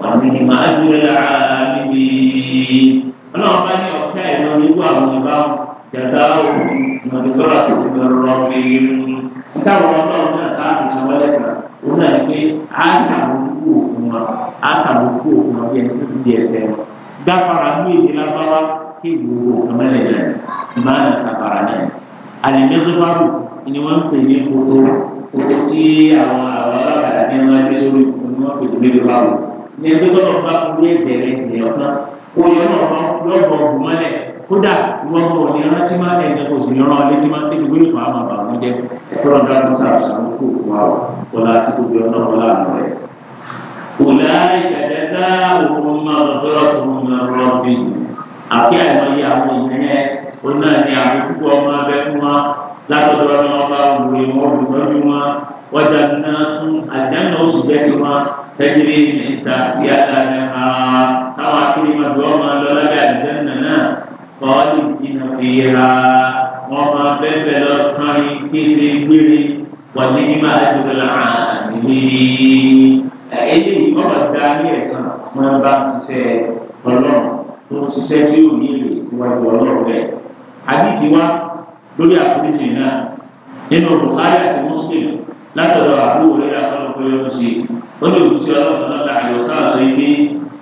ونعم أجر العاملين اللهم بني أوكاين ويوام نظام جزاؤهم مغفرة من ربهم كون الله تعالى سوى لسنا هنا عاشوا á sàmókù òkun ọbẹ̀ ẹni tó di ẹsẹ̀ wọn gbàfara ní èdè lábáwá kí gbogbo òkun mẹ́lẹ̀ rẹ̀ máa ń kàfàrà náà àlẹ́mẹ́sọ́fàrù ni wọ́n ń pè ní kótó kótó tí àwọn àwọn alábàdà ní wọn gbé sórí òkun ni wọ́n pè ní bébí wàhù ní ẹgbẹ́ tó lọ́ọ́ bá kúrú ẹ̀jẹ̀ rẹ̀ ìjẹ̀ ọ̀kan kó yọ lọ́ọ̀bọ̀ ògùn mọ́lẹ̀ kódà wọn bọ̀ ní rántí máa ń ẹ̀jẹ̀ kò sì ní ọ̀rọ̀ máa ń tẹ́lẹ̀ gbé ìfọ̀ àmọ̀ àbàwọ̀n jẹ́ kó lọ́ọ̀dọ́ àkọsà àṣà ń kó òkun àwọn ọ̀la àti gbogbo ọ̀nà ọ̀la àmọ̀ rẹ̀. أولئك جزاؤهم مغفرة من ربهم àti àìmọye àwọn ìpínlẹ̀ oná ní àwọn púpọ̀ ọmọ abẹ́ fún wa látọ̀dọ̀ ọmọ ọba òwúrẹ́ wọn olùtọ́jú wọn wọ́jà náà tún àjẹ́nà oṣù bẹ́ẹ̀ tí wọ́n tẹ́jìrì níta sí àdáyé ha táwọn akéwì máa bí wọ́n máa lọ lábẹ́ àjẹ́nà náà kọ́ọ́lì ìdìnnà fi ra wọ́n máa bẹ́ẹ̀ bẹ́ẹ̀ lọ kárin kí ṣe gbére wọ́n ní bí máa dùn lọ́rùn àdìrí eléyìí ọ̀rọ̀ dá ní ẹ̀sán wọn bá ń ṣiṣẹ́ ọlọ́run tó ń ṣiṣẹ́ tí ò ní èrè níwájú ọlọ́run rẹ̀ àdìdì wa lórí àforíjì náà nínú Bukhari àti Muslim látọ̀dọ̀ àbúrò rẹ̀ àtọ́lọ́ pé ó ń ṣe ó lè wù sí ọlọ́run náà láàyò sáà sọ ibi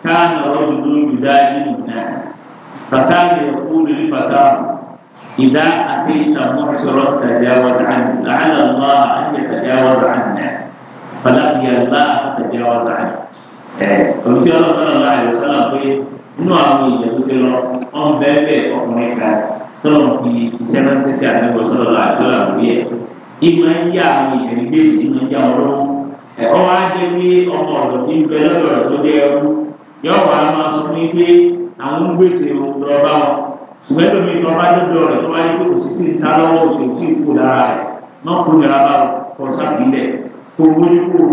káàní ọ̀rọ̀ dúdú ìdá nínú náà bàtà lè kú lórí bàtà ìdá àti ìtàkùn sọ̀rọ̀ tàjáwọ́ fàlàbí àgbà àtàjẹ ọ̀la ẹ̀ òsì ọlọ́sọ̀rọ̀ la ẹ̀ sọ́la pé inú àwọn èèyàn tó ti lọ ọ̀n bẹ́ẹ̀ ọkùnrin kan tọ́lọ̀ fi iṣẹ́ ránṣẹ́ sí àdúgbò sọ́la la àdúrà lórí ẹ̀ ìmọ̀ ń yá àwọn èèyàn gbèsè ìmọ̀ ń yá ọlọ́wọ́ ẹ̀ ọ́ wá jẹ́ pé ọmọ ọ̀dọ̀ ti ń bẹ lọ́dọ̀ rẹ̀ tó dé ẹrú yọ tó wọlé kó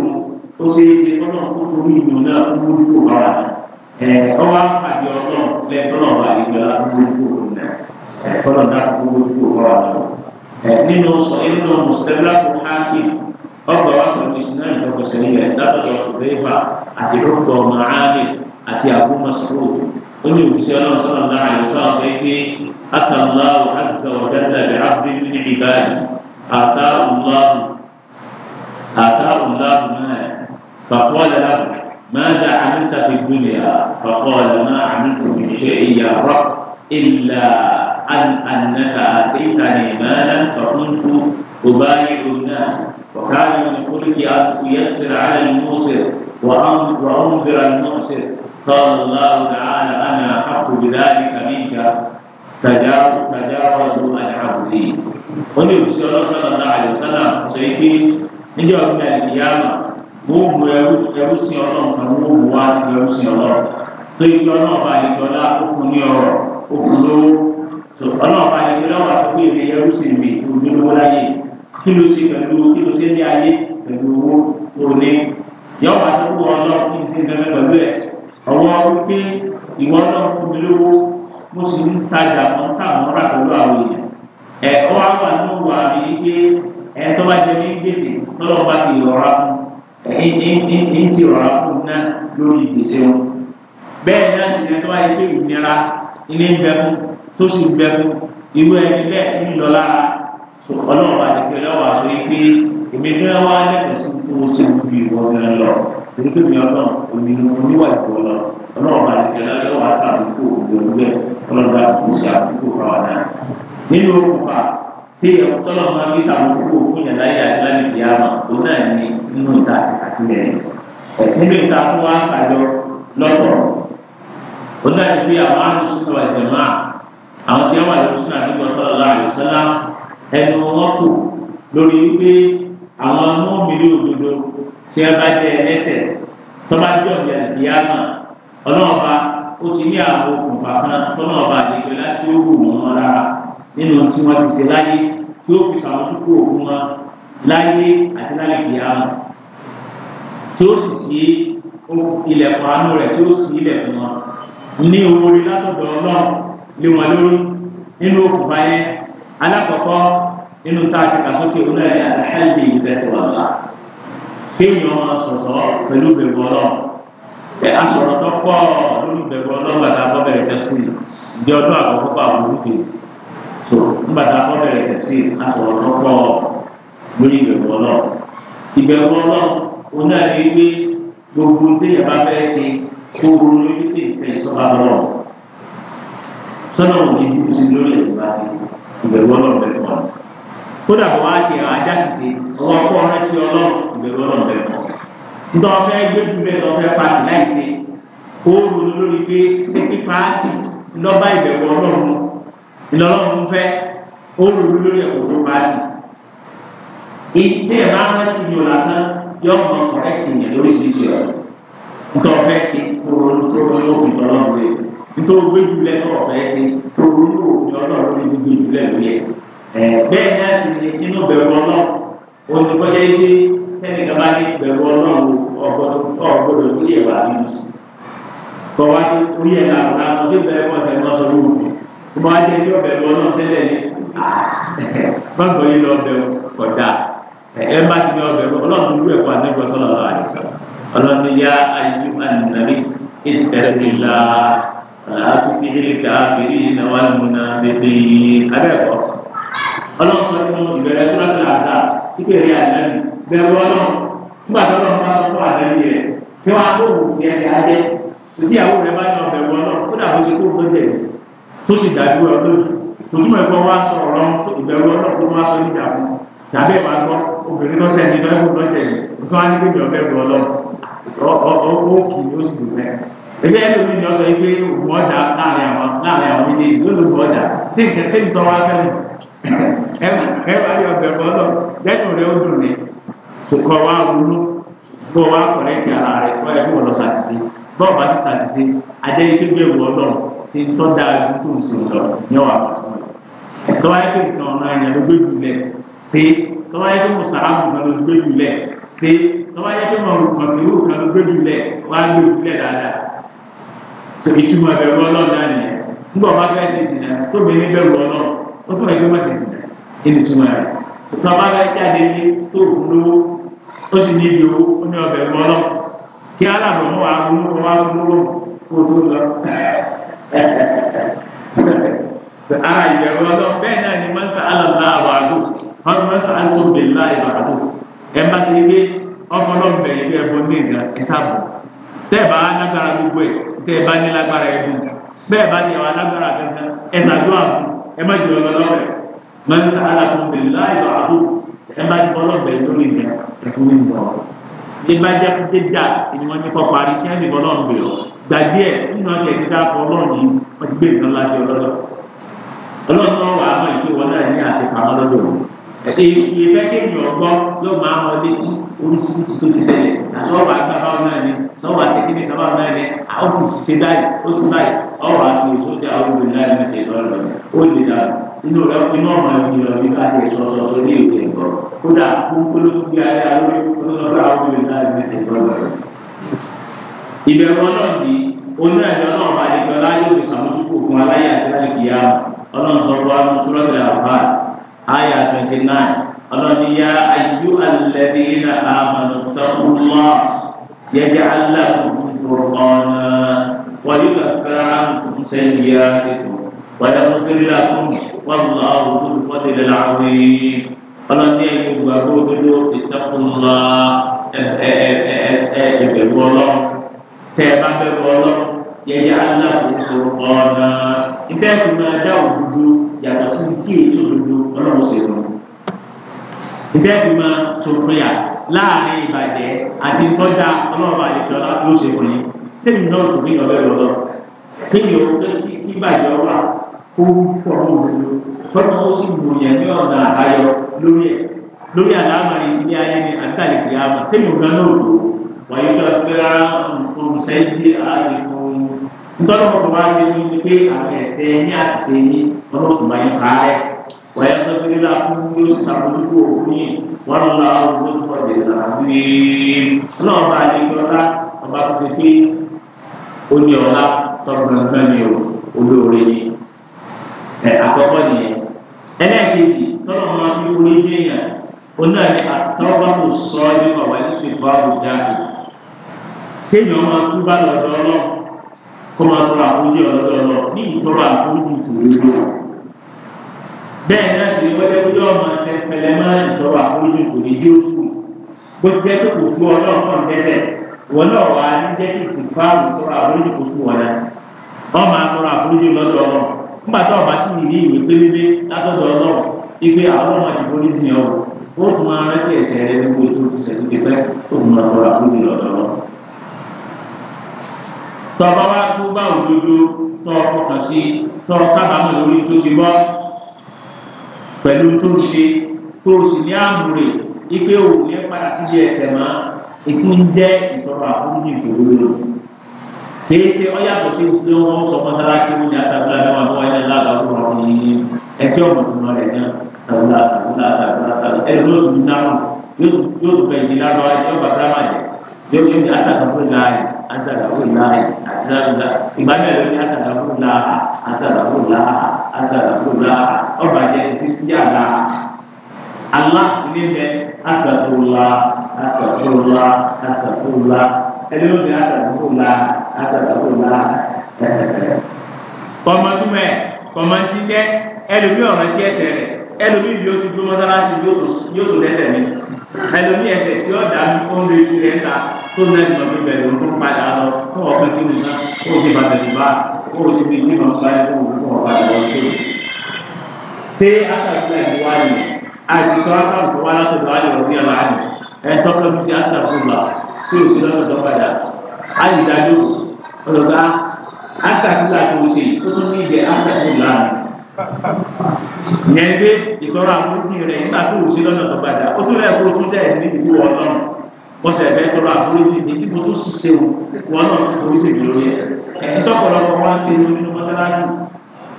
o ó ṣe é ṣe tọ́nà kó torí ìlú náà kó wọlé kó bá wà ẹ ọwọ́ àpàdé ọlọ́run lẹ́tọ́nà wà nígbà wọlé kó o náà ẹ tọ́nà náà kó wọlé kó bá wà lọ. nínú sọ nínú mùsùlùmí kò hákì ọgbà wa pẹ̀lú ìṣúná ìjọba sẹ́yìn ẹ̀ dábàá ọ̀rẹ́fà àti rúkọ̀ màálì àti àbúmọ̀sọ̀rọ̀ ó ní òṣìṣẹ́ ọlọ́run sọ̀rọ̀ náà àyẹ̀sọ́ àwọn sẹ́yìn pé àtàlá àti sọ̀rọ̀ dáadáa bẹ̀rẹ̀ àbúrò ní ìbáyìí àtàlá أتاه الله مال فقال له ماذا عملت في الدنيا فقال ما عملت من شيء يا رب إلا أن أنك آتيتني مالا فكنت أبايع الناس وكان من قلت أن يسر على الموسر وأنذر المعسر قال الله تعالى أنا أحق بذلك منك تجاوزوا عن عبدي. قل صلى الله عليه وسلم níjọ́ ọ̀gbìn àìdíyàmà wọ́n mú ẹrú ẹrú sí ọlọ́run kan wọ́n mú wá sí ẹrú sí ọlọ́run tó ibi ọlọ́run bá yẹn lọ́la okùn ní ọ̀rọ̀ okùn lówó tó ọlọ́run bá yẹn lọ́wọ́ àtúkú ìwé ẹrú sí ìwé òdúró láyé kí ló ṣe pẹ̀lú kí ló ṣe ní ayé pẹ̀lú owó òní yọ wá sí owó ọlọ́run kí n ṣe bẹ́ẹ̀ pẹ̀lú ẹ̀ ọwọ́ wípé ìwọ ọlọ́run fún mi lówó mo sì ń tajà mọ́ táwọn rà pẹ̀lú àwọn èèyàn ẹ̀ tọ́lọ́ bá sì rọra fún ẹ̀yìn sì rọra fún ná lórí ìgbésẹ̀ wọn. bẹ́ẹ̀ náà sì ní ẹni wáyé pé ìnira ilé ń bẹ fún tó sì ń bẹ fún irú ẹni bẹ́ẹ̀ ń lọ lára ọlọ́run bá ti pẹ̀lú ọ̀wà sọ pé èmi ní wọn wá lẹ́kọ̀ọ́ sí tó o ṣe ju ìwọ gan lọ torí pé mi ọlọ́run òní oníwà ìwọ lọ ọlọ́run bá ti pẹ̀lú ọ̀wà sàdúgbò òdòdó bẹ́ẹ̀ ọlọ́run bá ti pẹ̀lú sàdúgbò rọ̀ náà nínú òkùnfà tí ẹ̀wọ̀n tọ́lọ̀ máa fi sàmójúkú fún yàrá yà láti di àmà tó náà ní nínú ìta àtìkàsílẹ̀ nínú ìta tó wá sàjọ lọ́tọ̀ ó dájú pé àwọn àlùsùnà wà jẹ̀mọ́ àwọn tí wọ́n wà lọ́sùnà nígbà sọ́lá àlùsọ́lá ẹnu wọn kù lórí wípé àwọn mọ́mìlì òdodo tí ẹ bá jẹ ẹlẹ́sẹ̀ tọ́ba jọ̀ ní àdìyẹ àmà ọlọ́ọ̀ba ó ti ní àwọn okùnfà kan tọ́lọ́ọ̀ba àdìgbẹ́ láti ó wù wọ́n rárá nínú tí wọ́n ti ṣe láyé tí ó fi sàmójúkú òkú wọn láyé àti láyé ìyáàmù tí ó sì sí ilẹ̀kùn àánú rẹ̀ tí ó sì ilẹ̀kùn wọn ní orí látọ̀dọ̀ ọlọ́run lé wọn lórí nínú òkú báyẹn alákọ̀ọ́kọ́ nínú tá a ti kà sókè òun náà àtàlẹ́ ìbẹ̀rẹ̀ wàlá kéèyàn máa sọ̀tọ̀ pẹ̀lú bẹ̀rù ọlọ́run ẹ̀ asọ̀rọ̀ tó pọ̀ lórí bẹ̀rù ọlọ́run àtàkọ́ bẹ̀rẹ̀ kẹsùn ìjọ ọdún àkọ́kọ́ pa àwọn olùkèé so nígbà tá a kọ́ bẹ̀rẹ̀ tẹ̀sí asọ̀rọ̀ lọ́pọ̀ lórí ìbẹ̀wò ọlọ́run ìbẹ̀wò ọlọ́run òun náà lè gbé gbogbo téèyàn bá fẹ́ ṣe kó ronú lórí tí ìfẹ́ ìsọ́ba lọ́rọ̀ sọ́nà òní kúrú sí lórí ẹ̀sìn bá ti ìbẹ̀wò ọlọ́run bẹ̀rẹ̀ kọ́ kódà kó wá ṣe àwọn ajá ṣiṣe ọwọ́ kọ́ ọ̀rẹ́ sí ọlọ́run ìbẹ̀wò ọlọ́run bẹ̀rẹ̀ kọ́ ìlọ́lọ́run fẹ́ ó rò wí lórí ẹ̀kọ́ tó bá dì ìdí ẹ̀ máa ń rántí ní ọ̀làsán yọ ọmọ kọ̀rẹ́tì yẹn lóríṣiríṣi ọ̀rọ̀ nítorí ọ̀fẹ́ ti kúrò lóko lókun tọ́lọ́run rẹ̀ nítorí gbé jùlẹ̀ tó ọ̀fẹ́ sí kúrò lóko tọ́lọ́run rẹ̀ gbé jùlẹ̀ lóye ẹ̀ bẹ́ẹ̀ náà sì ni inú bẹ̀rù ọlọ́run òṣùpọ̀jẹ́ ilé tẹ́lẹ̀ kan bá ní bẹ̀rù ọlọ́run ọ̀gbọ́dọ̀ tó yẹ wà nínú sí kọ́ wá orí ẹ̀ làwọn ọmọdé bẹ̀rẹ̀ mọ́sẹ̀ mọ́sọ̀ lóògùn ọmọ ajé tí ọbẹ̀ lọ náà tẹ́lẹ̀ ní báńkì yìí lọ bẹ̀ kọjá ẹ bá ti ní ọbẹ̀ ọlọ́run ló ẹ̀kọ́ àdébọ̀ sọ́nà ọ̀la àdìsọ́ ọlọ́run yá ayé ànàmí ìtẹ̀lélá àtúntì ìlẹ̀kà àbírí ìnáwó àlùmọ́nà bèbè abẹ́ẹ̀kọ́ ọlọ́run nínú ìbẹ̀rẹ̀ tó lọ́sẹ̀ àdá ìbẹ̀rẹ̀ ànàmí bẹ̀rù ọlọ́run nígbà tó lọ́run bá sọ fún ànàmí rẹ̀ kí wọ́n á tó wù kí ẹ tó sì dájú ẹ lójú òtúmọ̀ ẹ̀kọ́ wa sọ̀rọ̀ lọ ìbẹ̀rù ọlọ́pàá wa sọ nígbà mú tàbí ẹ̀ máa gbọ́ obìnrin náà sẹ́ni náà kó lọ́jẹ̀ tó wá ní bíbí ọ̀bẹ̀ bọ̀ lọ ó kì í ó sì dùn mẹ́. ẹgbẹ́ ẹlòmíì ni ọ̀sọ̀ ìgbé òògùn ọ̀dà láàrin àwọn láàrin àwọn méjèèjì ló lòògùn ọ̀dà sí ìkẹ́kẹ́ ìtọ́ wa ẹ se tọ́da tó ń ṣe lọ ní ọ̀rọ̀ àkọ́kọ́ rẹ̀ tọ́wá yẹ kó nǹkan ọ̀nà ẹ̀yàn ló gbé jù lẹ̀ ṣe tọ́wá yẹ kó mùsàlámù kan ló gbé jù lẹ̀ ṣe tọ́wá yẹ kó mọ̀kìrú kan ló gbé jù lẹ̀ wá gbé jù lẹ̀ dáadáa ṣe ìtumọ̀ ẹ̀bẹ̀rù ọlọ́run náà nìyẹn nígbà wọn bá fẹ́ ṣe ìsìn náà tó bẹ ní bẹ̀rù ọlọ́run ó tún ẹgbẹ́ mọ̀ṣẹ̀ ìsìn náà ẹni túmọ̀ rẹ̀ tọ́wọ́ bá fẹ́ jáde ní tó òun lówó ó sì ní ibi owó ó ní ọbẹ̀ ẹ̀rù wa mú wa mú o tó lọ ara ìbẹ̀rù ọlọ́run bẹ́ẹ̀ náà ni wọ́n sá àlàlá àbàdù wọ́n fi wọ́n sá àtòbè lá ìbàdù ẹ má ṣe gbé ọmọ ọlọ́run bẹ̀rẹ̀ bí ẹbọ ní ìgbà ìsàbọ̀ tẹ́ ẹ bá lágbára gbogbo ẹ̀ tẹ́ ẹ bá ní lágbára ẹ̀dùn bẹ́ẹ̀ gbàgbé ẹ̀ nínú ọjà ìdíjà fọ ọlọ́run yìí wọ́n ti gbé nǹkan láti ọlọ́dọ̀ ọlọ́run náà wà á mọ̀ ìpè wọn náà ní àṣepamọ́ lọ́dọ̀ èsì ìfẹ́kẹ̀yìn ọgbọ́ yóò máa mọ létí oríṣiríṣi tó ti ṣẹlẹ̀ àti ọba àgbàbáwò náà ni lọ́wọ́ àtẹkẹ́lẹ́ àgbàbáwò náà ni àwọn kò sì ṣe báyìí ó sì báyìí ọwọ́ àti èso tí àwọn obìnrin náà ní ìṣẹ̀lẹ̀ ọ̀rọ̀ rẹ̀ ó lè dà inú rẹ̀ inú ọmọ ẹ̀mí rẹ̀ bí ká ṣe sọ sọ ní èdè ẹ̀kọ́ kódà kólókó bí alẹ́ alórí kólókó àwọn obìnrin náà ní ìṣẹ̀lẹ̀ ọ̀rọ̀ rẹ̀ ìbẹ̀rù ọlọ́ọ̀dì onídàá ìjọ náà bá ìgbà láyé òkè sàmójúkò fún aláyé àti láyé kìíyà ọlọ́run sọ fún àwọn sọ́lọ́dẹ̀ àbá àyà twenty nine ọlọ́run yá ayú alẹ́bí iná àmàlù tọ́kùnlọ́ yẹjẹ aláàkùnkùn fúrọ̀ọ́nà wọ́n yóò kàkàrà àkùnkùn sẹ́yìn yá ètò wọ́n yà kókè rí làkùn wọ́n lọ àwọn olùkọ́dé làwìn ọlọ́run yẹ gbogbo àgbọ̀ òdodo ìtọ́kùnlọ́ ẹ̀ẹ́dẹ̀gbẹ̀rún ọlọ́run tẹ ẹ bá fẹ́ bọ́ lọ yẹyẹ aláàbòsọ ọ̀nà ìfẹ́ tó máa dá òdodo yàtọ̀ sí tí èso òdodo ọlọ́run ṣe lọ. ìfẹ́ tó máa sọ̀rọ̀ yà láàrin ìbàjẹ́ àti tọ́jà ọlọ́run àlejò ló ṣe fún yín sẹ́yìn náà tó ní ọ̀bẹ lọ́dọ̀ kéèyàn ó fẹ́ kí ìbàjẹ́ wà kó pọ̀ lóòdodo tọ́jú ó sì mú yẹn ní ọ̀nà àbáyọ lórí ẹ̀ lórí àlámà ìdílé ayé ni àtàlẹ̀ wàyí tó ẹgbẹ́ olùsẹ́yìí àdìkù ntọ́nà kò wá sí ní pé àtẹ̀sẹ̀ ní àtẹ̀sẹ̀ ní ọlọ́run tó máa ń pa ẹ̀ wàyí tó fi nílá fún yóò sàmójúkú òkú yìí wọn lọ ọdún tó pọ̀ dé làbí ọlọ́run máa ní kí ọlá ọba tó ti pé ó ní ọlá tọ́gbọ̀ngbọ̀n ni o olóore ni ẹ̀ àkọ́kọ́ nìyẹn ẹlẹ́ẹ̀kejì tọ́nà máa fi wọlé ní èèyàn ó náà ní àtọ́gbọ́n sọ ní ọ̀wá ní sùpè fún àbújá kéèyàn ọmọ tó bá lọ́dọ̀ ọlọ́ kó máa tọrọ àforíjì ọlọ́dọ̀ ọlọ́ ní ìtọrọ àforíjì tòun ló bẹ́ẹ̀ náà sì wẹ́lẹ́ tó ọmọ tẹpẹlẹ máa ń tọrọ àforíjì kò ní dé oṣù bó ti jẹ́ kó fún ọlọ́ọ̀kan dẹ́sẹ̀ wọn náà wà á ní jẹ́ kí ìfipáàrù tọrọ àforíjì kò fún wọn náà wọn máa tọrọ àforíjì lọ́dọ̀ ọlọ́ nígbà tó ọba sì ní ìwé pélébé látọ̀dọ̀ ọlọ́ ìgbé àwọn ọmọ ti borí ní ọ ó tún máa rántí ẹsẹ̀ rẹ nígbà tó ti sẹ́dúkẹ́ pẹ́ tó tún máa tọrọ àforíjì lọ́dọ̀ ọlọ́ tọba wa tó bá òdodo tọ ọkàn sí tọ kábàámọ̀ lórí tó ti bọ́ pẹ̀lú tó ń ṣe tó sì ní àmúre ipe òun yẹn padà síbi ẹsẹ̀ mọ́ etí ń jẹ́ ìtọ́rọ àkúrú ní ìṣòro lò kìí ṣe ọyàtọ̀ sí ti wọn sọ mọ́sálásí wọn ní àtàkùn àti wọn àwọn ẹni aláàbò wọn ní ẹjọ́ ọ̀mọ̀tún rẹ̀ náà tàbí àtàkùn àtàkùn àtàkùn ẹni ló ti náà yóò yóò bẹ̀ ìdílé àlọ́ ẹjọ́ bàtà ní àtàkùn fún ìlà rẹ̀ dáadáa ìgbàgbọ́ ẹ̀rọ ní àtàlàbùlà àtàlàbùlà àtàlàbùlà ọba jẹ ti yàrá alá níbẹ̀ àtàlàbùlà àtàlàbùlà àtàlàbùlà ẹni ló ní àtàlàbùlà àtàlàbùlà kọmọdúnmẹ kọmọdúnkẹ ẹlòmí ọ̀rọ̀ tí ẹsẹ̀ rẹ̀ ẹlòmí yóò ti dúró mọ́tàlásì yóò tó lẹ́sẹ̀ mi ẹlòmí ẹsẹ̀ tí ọ̀dà mi ó ń retí rẹ̀ ta tó nẹ́ẹ̀sì lọ fún bẹ̀rẹ̀ tó padà lọ tó wọ́n fẹ́ kí nìkan ó sì bàtẹ̀ jù bá ó sì fi tí màá báyìí tó wọ́n fún ọ̀gá lọ sí. ṣé àtàkùn ẹ̀ wá ní àti sọ àtàkùn wá látọ̀dọ̀ àyè ọ̀rí ọ̀la àyè ẹ̀ tọ́kọ̀ bí ti àṣà fún wa tí ò sí lọ́dọ̀ padà àyè dájú ọ̀dọ̀gá àtàkùn àti òṣè tó tún ní ìjẹ àtàkùn láàrin. ìyẹn gbé ìtọ́ra àbúrò wọ́n sì ẹ̀fẹ́ tọrọ àforíjì ní tí mo tó ṣiṣẹ́ o wọn náà tó forí tèmi lórí ẹ̀ ẹ̀ tọkọlọpọ wọn ṣe ní nínú mọ́sálásì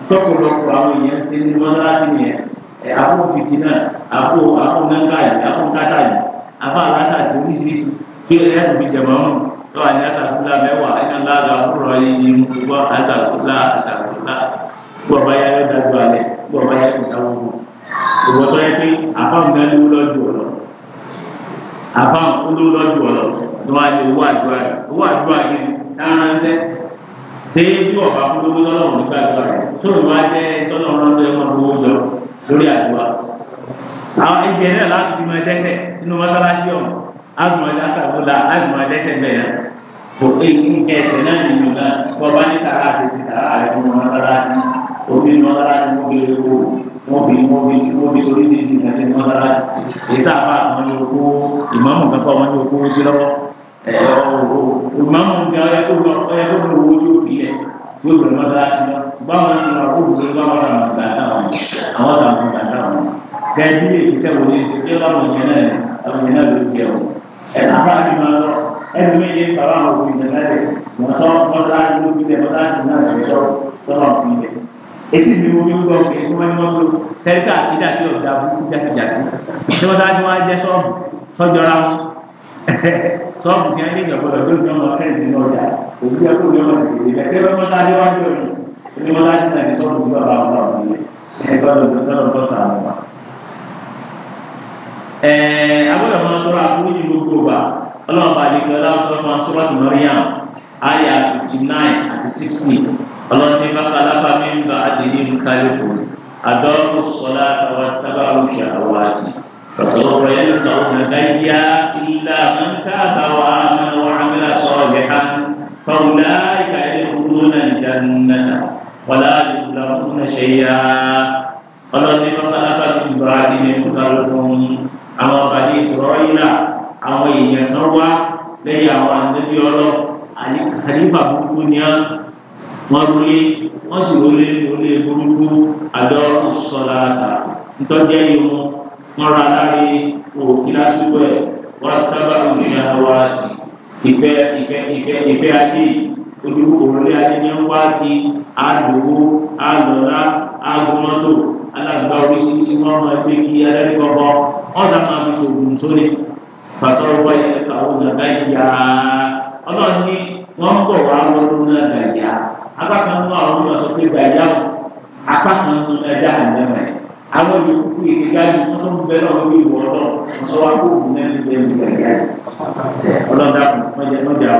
tọkọlọpọ àwọn èèyàn ṣe ní mọ́sálásì yẹn ẹ̀ àpò fìtì náà àpò àpò náńgá yìí àpò kátà yìí àpò àlàkà àti oríṣiríṣi kí ẹ̀ ẹ̀ fi jẹ̀mọ́ ọ̀hún lọ́wọ́ àti àtàkùnlá mẹ́wàá ẹ̀ náà lága fúnra yìí ní gbọ́ àtàkùnlá àtàkùnlá gbọ́ọ̀bá yá yọ dájú alẹ́ gbọ́ọ̀bá yá yọ dáwọ́ kó tó lọ́jú ọ̀lọ́ tó wá ní owó àdúrà rẹ̀ owó àdúrà rẹ̀ táwọn ń sẹ́ ṣé bí ọ̀bà kó tó lọ́wọ́ lọ́wọ́ nígbà àdúrà rẹ̀ tó ń wá jẹ́ tọ́lọ́ ọlọ́dún ẹ̀kọ́ tó wọ́n jọ lórí àdúrà. àwọn ibi ẹ̀rẹ́ láti fi máa dẹ́sẹ̀ nínú mọ́sálásí ọ̀hún azumọ̀dé àtàkùnlá azumọ̀dé ẹ̀sẹ̀ kò pé ẹsẹ̀ náà nínú náà kọ́ bá ní sàrà àti ti sàrà àrẹ fún wọ́n fi wọ́n fi wọ́n fi sórí sí ìsìn ẹsẹ̀ ní mọ́sálásì èyí tá a bá àwọn yóò kó ìmọ̀mù kankan wọn yóò kó sí lọ́wọ́ ìmọ̀mù ní ọyẹ tó lọ ọyẹ tó lọ owó yóò fi yẹ yóò bẹ̀rẹ̀ mọ́sálásì lọ báwọn ti wà kó gbogbo báwọn sàn gbà táwọn àwọn sàn gbà táwọn gẹ̀ẹ́dì lè fi sẹ́wọ̀n ní ìsìn kí báwọn yẹn náà àwọn yẹn náà ló ń jẹun ẹ̀ àbá mi máa lọ ẹnu mi yẹ bàbá àwọn òbí etí mi wo mi gbọ́ pé kí wọ́n ní wọ́n lo sẹ́ńtà àkídà tí ọ̀dà burúkú jásíjásí tí wọ́n sáájú wá jẹ́ sọ́ọ̀bù tọ́jọ́ra wọn <laughs> sọ́ọ̀bù kí wọ́n ní ìjọ̀gbọ́dọ̀ tó ní ọmọ kẹ́rin nínú ọjà òbí ẹ̀kọ́ ní ọmọ tètè ìgbà tí wọ́n sáájú wá jọ ní ní wọ́n láti náà ní sọ́ọ̀bù bí ọba ọba ọ̀dọ́ yẹn ẹgbẹ́ ọ̀dọ́ tó lọ́ọ́ sàn án wọn. ẹ̀ẹ́ agbọ́dọ̀ máa tọrọ àforíjì gbogbo wa ọlọ́run bá a lè gbé ọlá ọlọ́ni bàkàlàfà mi ń bá àdìrí ń kálífò àdọ́rù sọlá àwọn tábàrù ṣàwọ́ àti فسوف يلقون بيا إلا من تاب وآمن وعمل صالحا فأولئك يدخلون الجنة ولا يظلمون شيئا ọlọ́ni bàbá ìgbà ìdílé kúkàlùkùn àwọn ọ̀bàdì ìṣòro ìlà àwọn èèyàn kan wá lẹ́yìn àwọn àdébíọ́lọ́ àyíká ní bàbá kúkú ni á wọ́n rúlé wọ́n sì rúlé rúlé burúkú àjọ ìsọ̀rọ̀ àtà ntọ́jú ẹ̀yìn wọn wọ́n ra láre òkè lásìkò ẹ̀ wọ́n tábà òṣìṣẹ́ àwọn àti ìfẹ́ ìfẹ́ ìfẹ́ ìfẹ́ ajé òrùlé ajé ní wá di àdòwò àlọ́lá àgùnmọ́tò alágbá oríṣiríṣi wọn máa gbé kí alẹ́rí kọ̀ọ̀kọ́ wọ́n sá máa fi ṣògùn sórí pàṣọwọ́ ẹ̀ káwọn nàgbà yá ọlọ́ọ̀ni wọ́n bọ̀ wá lọ́dún náà dàgbà apákan nínú àwọn ọmọ sọ pé gbàyà o apákan nínú ẹja àlẹ́mọ̀ ẹ̀ àwọn yòókù tí èsì gáàdì wọn tó ń bẹ náà lórí ìwọ ọlọ́run wọn sọ wá kó òun náà ti bẹ ní gbàyà ọlọ́dà mọ̀jẹ̀ àwọn náà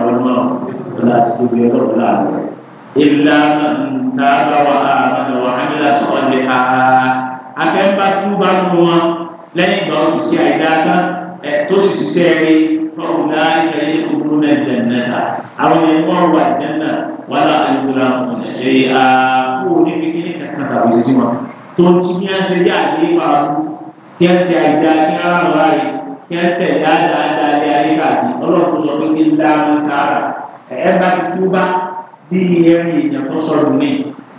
ọlọ́dà ti tóbi ọlọ́run láàbọ̀ ìlà ntàbà wà àmàlà wà hàmìlà sọ̀ọ́lì àhà akẹ́ńbà tó bá nù wọn lẹ́yìn ìgbà ó ti ṣe tó sì ṣiṣẹ́ rí wàhálà àyùkúra ọ̀nà ẹ̀yẹ àpò níbi kíní kankan tàbí ìdí wọn tó ń ti bí wọn ṣe yá àdé máa mú kí wọn ti àyíká kí wọn rán wọn ayé kí wọn tẹ̀ dáadáa dáadé ayé káàdì ọlọ́run sọ pé kí n dá wọn kára ẹ̀ bá ti tú bá bí ẹ̀rín èèyàn tó sọ̀rọ̀ mi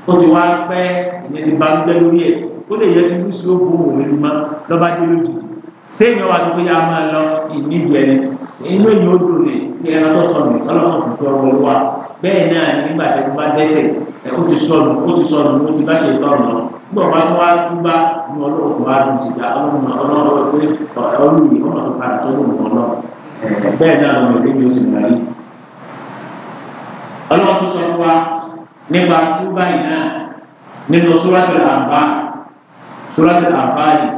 ó ti wá pẹ́ ìyẹn ti bá ń gbẹ lórí máa lọ́ba dé lójú séèyàn inú èèyàn ó dùn lè kí ẹran tó sọ̀rọ̀ ọlọ́run kò tó ọwọ́ wa bẹ́ẹ̀ náà nígbà tí wọ́n bá dẹ́sẹ̀ ó ti sọnù ó ti sọnù ó ti bá ṣe tọ̀nù lọ gbọ́dọ̀ bá tó wá tó bá ní ọlọ́run tó wá lù sí i ọlọ́run ọlọ́run pé ọlùmí ọmọ tó padà tó lù wọn lọ bẹ́ẹ̀ náà lọ́mọ ìdí ni ó sì wáyé. ọlọ́run tó sọ fún wa nípa tó báyìí náà nínú sóràtìlà àbá sóràtìlà àbá yìí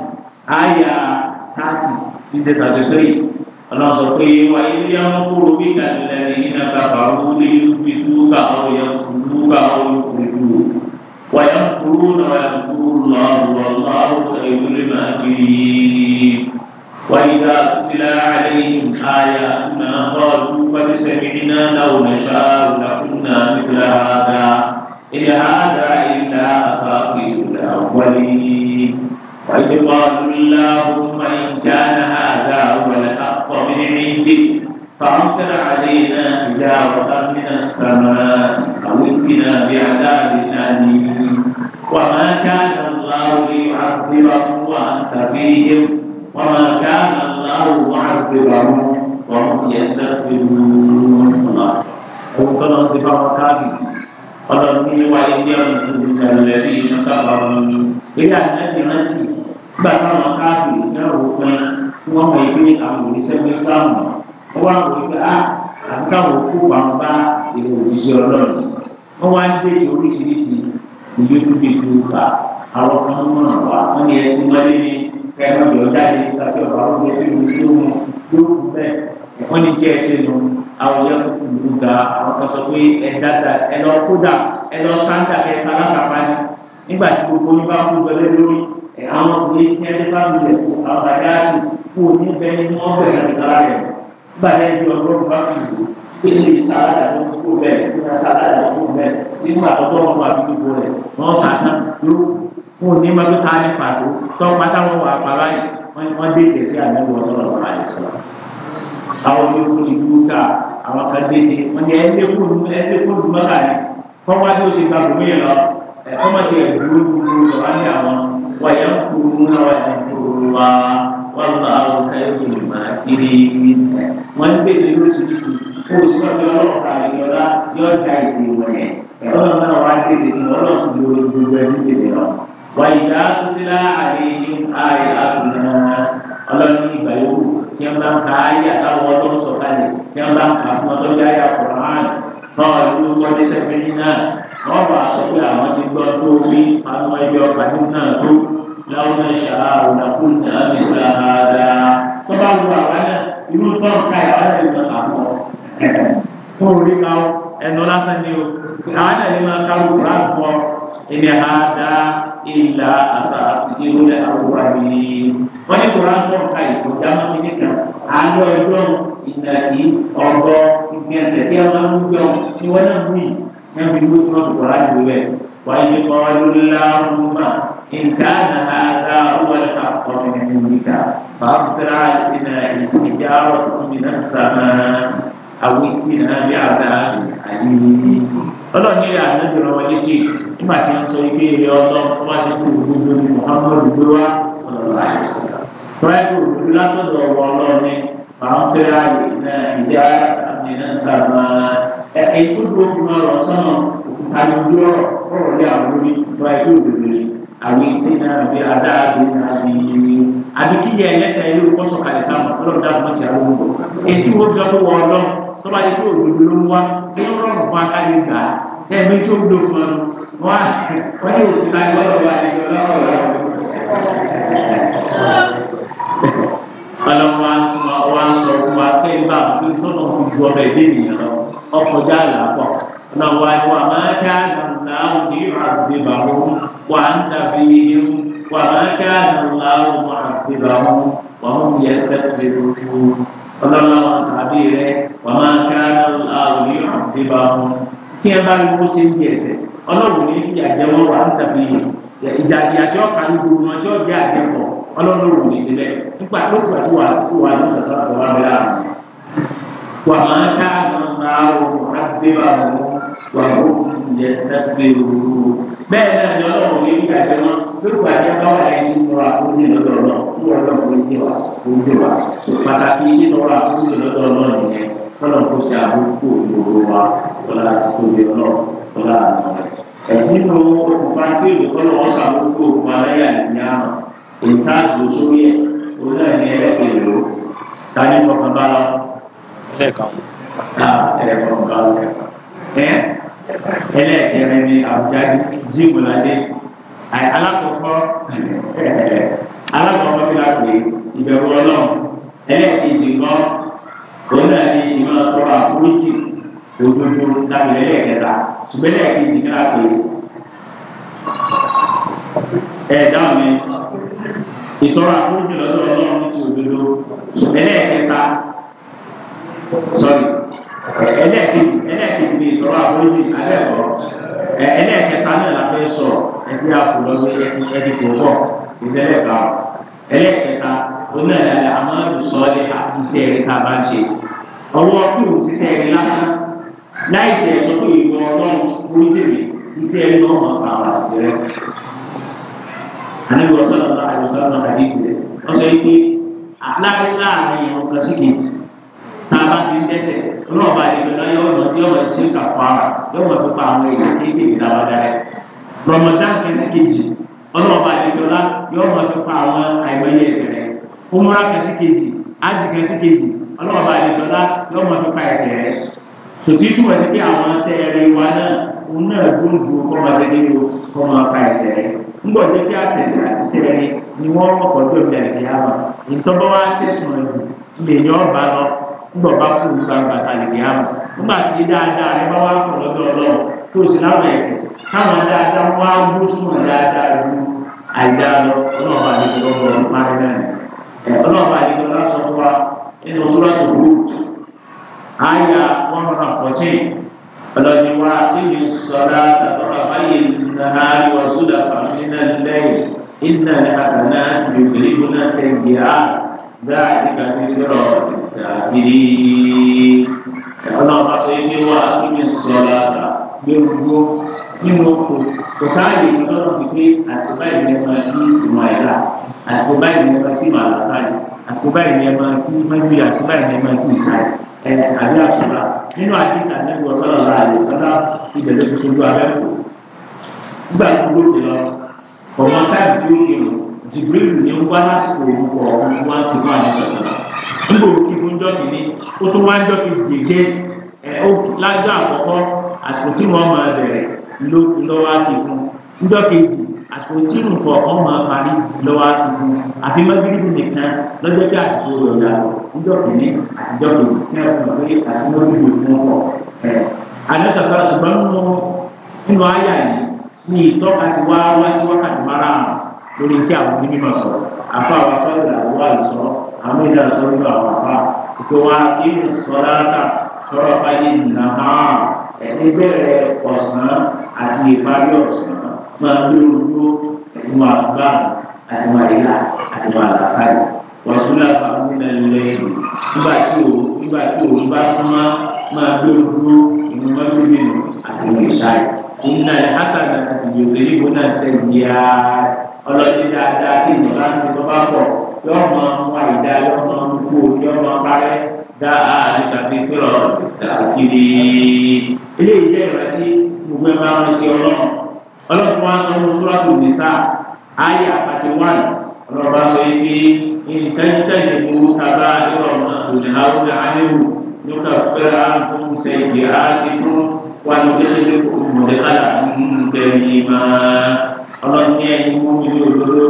àyà táàsì ní tẹ̀sán tẹ̀sán yìí. ọlọ́sọ̀pé wa ilé ọmọkúrò bí kàlẹ́ nínú kàbàrú lé ìfìdú ká ọ̀yà kúrú ká ọ̀yà kúrú wàyà kúrú náà wàyà kúrú lọ́wọ́ lọ́wọ́ ìwúlé máa kiri wàyà tìlá àlẹ́yìn àyà náà lọ́ọ̀dún wàyà sẹ́mìnà náà nàṣà làkúnà nígbà àdá ilé àdá ilé àfàkì ìlà wàlí wàyà kúrú lọ́wọ́. فأمطر علينا حجارة من السماء أو ائتنا بعذاب أليم وما كان الله ليعذبهم وأنت فيهم وما كان الله معذبهم وهم يستغفرون الله صفة وكافي ọlọ́ọ̀ni wa ilé ọ̀nà tuntun lẹ́lẹ́ bí iná kábà wọn ni eré àtẹ́tì rántí gbàtà wọn káàkiri náà wò pé wọ́n mọ ìpínlẹ̀ àwọn òṣìṣẹ́ gbé fúlàmù káwọn kó àwọn bá èrò òjíṣẹ́ ọlọ́run wọ́n wá ń gbé oríṣiríṣi ìlú tó fi tó bá àwọn kan mọ̀ wá wọ́n ní ẹsìn wọlé ní kẹ́kọ̀ọ́ yọ jáde tàbí ọ̀rọ̀ àwọn ọmọdé tó ń tó mú yóò kú bẹ́ẹ̀ wọ́n ní tí ẹsìn nù àwọn yẹn kò kú lù ga àwọn kan sọ pé ẹ dáta ẹ lọ kódà ẹ lọ sáńtà ẹ sálákàpá nígbà tí gbogbo yín bá kú gbẹlẹ lórí ẹ àwọn kò ní ẹni bá lulẹ̀ kó àwọn àdáyà tó kú òní bẹ́ẹ̀ ni wọ́n bẹ̀rẹ̀ gbàdé ju ọlọ́run bá fi wò kéde ìsáradà ló kó bẹ́ẹ̀ kóra sáradà ló kó bẹ́ẹ̀ nínú àtọ́tọ́ wọn wà gbogbo rẹ̀ wọ́n sàtà ló fún un ní mọ́tò tá a ní pàtó tó pátá wọn wà pàrọ̀ yìí wọ́n dé ìtẹ̀sí àná wọn sọ̀rọ̀ lọ́wọ́ àyè sọ̀rọ̀. àwọn yóò fún ìlú ká àwọn kan dédé wọ́n ní ẹgbẹ́ kó lu ẹgbẹ́ kó lu mọ́tà ni fọ́nmá tó ṣe gba bòmí yẹn lọ fọ́nmá ti ẹ̀ dúró dúró lọ́wọ́ wọn lọ àwọn káyọ̀kì máa kiri wọn ń bèèrè lóṣooṣù fún oṣù ọjọ́ ọlọ́ọ̀ta ìjọba yóò ta ìdè wọ̀nyẹn ọlọ́run náà wá tètè sí ọlọ́run tó lórí gbogbo ẹni tètè lọ. wà ìdá tuntun àárín ayé àbùnà ọlọ́run ìgbà yòówù tí wọ́n bá ń ka ayé àtàwọn ọlọ́run sọ̀kalẹ̀ tí wọ́n bá ń ka fún ọlọ́run yáyà kọ̀ọ̀rọ̀ àná náà ló bá sọ pé àwọn ti gbọ́ tó wí àwọn ẹgbẹ́ láwùjọ ṣàrà òdàkùn náà lè ṣe àdáadá tó bá wù àwọn náà irú tó ń ka ìwà náà lè máa kà pọ̀ kó o rí ma ọ ẹnu lásán ni o àwọn náà lè máa káwọ kúrò àpọ̀ ẹni àdá ìlà àṣà ìdíwọ́ lẹ́ àwùwá mi wọ́n ní kúrò àpọ̀ ká ìkó dáná mi nìkan àlọ́ ẹjọ́ ìdàkí ọ̀gọ́ ìgbìyànjẹ tí a máa ń gbọ́ إن كان هذا هو الحق من عندك فأمطر علينا الحجارة من السماء أو ائتنا بعذاب أليم ọlọ́ọ̀ni rẹ̀ àdébìrán wọn létí nígbà tí wọ́n sọ ike ilé ọlọ́ wá sí kó gbogbo ní muhammadu gbé wá ọlọ́ọ̀lá àìsàn. fúráìdì òkúdu látọ̀dọ̀ ọ̀wọ́ ọlọ́ọ̀ni máa ń fẹ́ra ìdá àmìnà sàmà ẹ̀ẹ́dúró fún ọ̀rọ̀ sọ́nà àdúgbò ọ̀rọ̀ ọ̀rọ̀ ní àwòrán fúráìdì òkúdu rẹ̀ àwọn etí náà bí adáàbò náà bí yìí àbí kí yẹ ẹlẹ́ta ilé ìwé kọ́sọ̀ kalẹ̀ sáwọn ọlọ́run dáàbò mọ́ sí àwọn ọmọ etí wo jọ tó wọ ọlọ́ tó bá yẹ kó òdodo ló ń wá sí ọlọ́run fún akálẹ̀ gbà ẹ̀mí tó ń lò fún ọ wá wọ́n yóò fi ta ìwọ́n lọ́wọ́ àdìgbò lọ́wọ́ ọlọ́wọ́ wa sọ fún wa pé bá a fi tọ́nà ojú ọmọ ẹ̀dẹ́ nìyẹn lọ ọkọ̀ já àlàpọ̀ نوال وما كان الله ليعذبهم وأنت فيهم وما كان الله معذبهم وهم يستكبرون فضل أصحابه وما كان الله ليعذبهم كيف المسلم يسير ọlọ́run ní fi àjẹwọ́ wà ń tàbí ìjà ìyàtọ̀ kan ní gbogbo ọjọ́ ìjà àjẹpọ̀ ọlọ́run ní sílẹ̀ nípa tó gbà tó wà tó wà ní sọ̀sọ́ àtọ̀wá bẹ́ẹ̀ àná. wà máa ń ká àwọn ọmọ àwọn àti bàbá wà ẹlẹ́ẹ̀kẹrin ni àbújáde jíìmù ládé alákọ̀ọ́kọ́ alákọ̀ọ́kọ́ ti la pè ìbẹ̀wò ọlọ́run ẹlẹ́ẹ̀kejì kan òun náà ni ìmọ̀ ọ̀rọ̀ àforíjì òdodo lábẹ́ ẹlẹ́ẹ̀kẹta ṣùgbọ́n ẹlẹ́ẹ̀kejì kan la pè ẹ̀dáhùn mi ìtọ́rọ̀ àforíjì lọ́dọ̀ ọlọ́run ti òdodo ṣùgbọ́n ẹlẹ́ẹ̀kẹta sọ́ọ̀rì ẹlẹ́ẹ̀kejì ẹlẹ́ẹ̀kejì ni ìtọ́rọ àforíjì abẹ́ẹ̀kọ́ ẹlẹ́ẹ̀kẹta náà la fẹ́ sọ̀rọ̀ ẹtí àkùlọ́gbé ẹtí kò bọ̀ ìdẹ́lẹ́ka ẹlẹ́ẹ̀kẹta onílẹ̀ àmọ́lù sọ́ọ́lẹ̀ àtúnṣe ẹ̀rí tá a bá ń ṣe ọwọ́ kùn sísẹ́ ẹ̀rí lásán láì ṣe ẹ̀sọ́ pé ìwọ ọlọ́run orí tèmi iṣẹ́ ẹ̀rí náà mọ̀ pa àwọn àṣìṣe rẹ̀ àníwọ̀ sọ́dọ̀ àdìsọ́dọ̀ àdìsọ́dọ̀ àdìsọ́dọ̀ tá a bá ti ń dẹ́sẹ̀ ọlọ́ọ̀bá ìgbẹ́lá yọ ọ̀nà tí ọ̀nà ìṣe kà fún ara yọ ọ̀nà pípa àwọn èèyàn kéékèèké dáwà dára rọmọdán kẹsí kejì ọlọ́ọ̀bá ìgbẹ́lá yọ ọ̀nà pípa àwọn àìmọye ẹ̀ṣẹ̀ rẹ̀ kúmúrá kẹsí kejì ájì kẹsí kejì ọlọ́ọ̀bá ìgbẹ́lá yọ ọ̀nà pípa ẹ̀ṣẹ̀ rẹ̀ tòtí túmọ̀ sí pé àwọn ẹsẹ̀ rẹ̀ wa náà òun náà gbóòdù kọ́mọdéléwò kọ́mọ apá ni wọ́n kọ̀kọ́ tó ń bẹ̀rẹ̀ kí á wà ìtọ́gbọ́n wa tẹ̀sùn ńgbọ̀ bá kú gbangba kàlìkì àmọ́ nígbà tí dáadáa rẹ bá wà pọ̀ lọ́dọ̀ ọlọ́run tó o sì láwọn ẹ̀sìn káwọn dáadáa wá gbó súnmọ́ dáadáa lu àìdá lọ ọlọ́ọ̀bà àdìgbò ọ̀rọ̀ nípa rẹ náà ọlọ́ọ̀bà àdìgbò lásán fún wa nínú sọ́dọ̀tò root àyà one hundred and fourteen ọlọ́ni wa níbi sọ̀rọ̀ àtàkọ́rọ̀ báyìí nàá yọ sódà fàmílà lẹ́yìn iná الكافرين ọlọ́run bá sọ yìí pé wà á kí ni sọ̀rọ̀ àgbà gbẹ̀rúgbó nínú oko kò sáàyè lọ́rọ̀ pípé àtúbá ìlú ẹ̀ máa kí ìmọ̀ ẹ̀dá àtúbá ìlú ẹ̀ máa kí ìmọ̀ àlàkáyè àtúbá ìlú ẹ̀ máa kí mẹ́bí àtúbá ìlú ẹ̀ máa kí ìsáyè ẹ̀ àbí àṣọra nínú àdìs àdìgbò sọ̀rọ̀ láàyè sọ́dá ìbẹ̀rẹ̀ tuntun ló abẹ́kù gbà gbogbo lọ ọmọ táyì tí ó kéwòn fún jọ́kì ní ó tún wá jọ́kì jèjé ẹ̀ ó lájọ́ àkọ́kọ́ àsìkò tí wọ́n máa bẹ̀rẹ̀ ló lọ́wọ́ àti fún jọ́kì jì àsìkò tí nǹkan ọ̀kan máa parí lọ́wọ́ àti fún àfi mọ́gírígì nìkan lọ́jọ́ tí àsìkò rẹ̀ ọ̀dà jọ́kì ní àti jọ́kì ní ẹ̀fọn pé àti mọ́gírígì fún ọ àná sàṣà ṣùgbọ́n nínú àyà yìí ní ìtọ́ka ti wá wá sí wákàtí márùn-ún lórí tí àwọn onímọ̀ sọ̀rọ̀ àfa àwọn afẹ́rẹ́ àwọn àìsàn àwọn ìdá sọ́rọ́ àwọn àfa tuwaqimu ssalata tarafay nahar ẹni bẹ̀rẹ̀ ọ̀sán àti ìparí ọ̀sán máa ń lórí ojú ẹ̀dùn àgbà àdùn àyíká àdùn àlàsáyé wàsúlà fàmí náà lọ ìlú nígbà tí o nígbà tí o bá tún máa máa lórí ojú ìlú mọ́tòlì nù àti ìṣáyé nínú hasan àti ìyọ̀lẹ́ ìbò náà sẹ́yìn yá ọlọ́dún pọ̀ yọ̀ọ́ máa ń wá ìdá yọ̀ọ́ gbogbo òjò ọmọ parẹ́ dáa nípa fi pérò ìtàkìrì eléyìí jẹ́ ìrántí gbogbo ẹ̀ máa ń retí ọlọ́run ọlọ́run wá sọ fún túrọ́pù nìsá ayé àpàtì wán ọlọ́run bá sọ yìí pé ìtẹ́nitẹ́ni burú tábà ìrọ̀rùn àtòlẹ̀ àwọn àléwò nípa pẹ́rẹ́ àǹkóhùn sẹ́yìn àti fún wà ní oṣù tó kò mọ̀lẹ́kàlà ń bẹ̀rẹ̀ máa ọlọ́run ní ẹni mú mi ní òdodo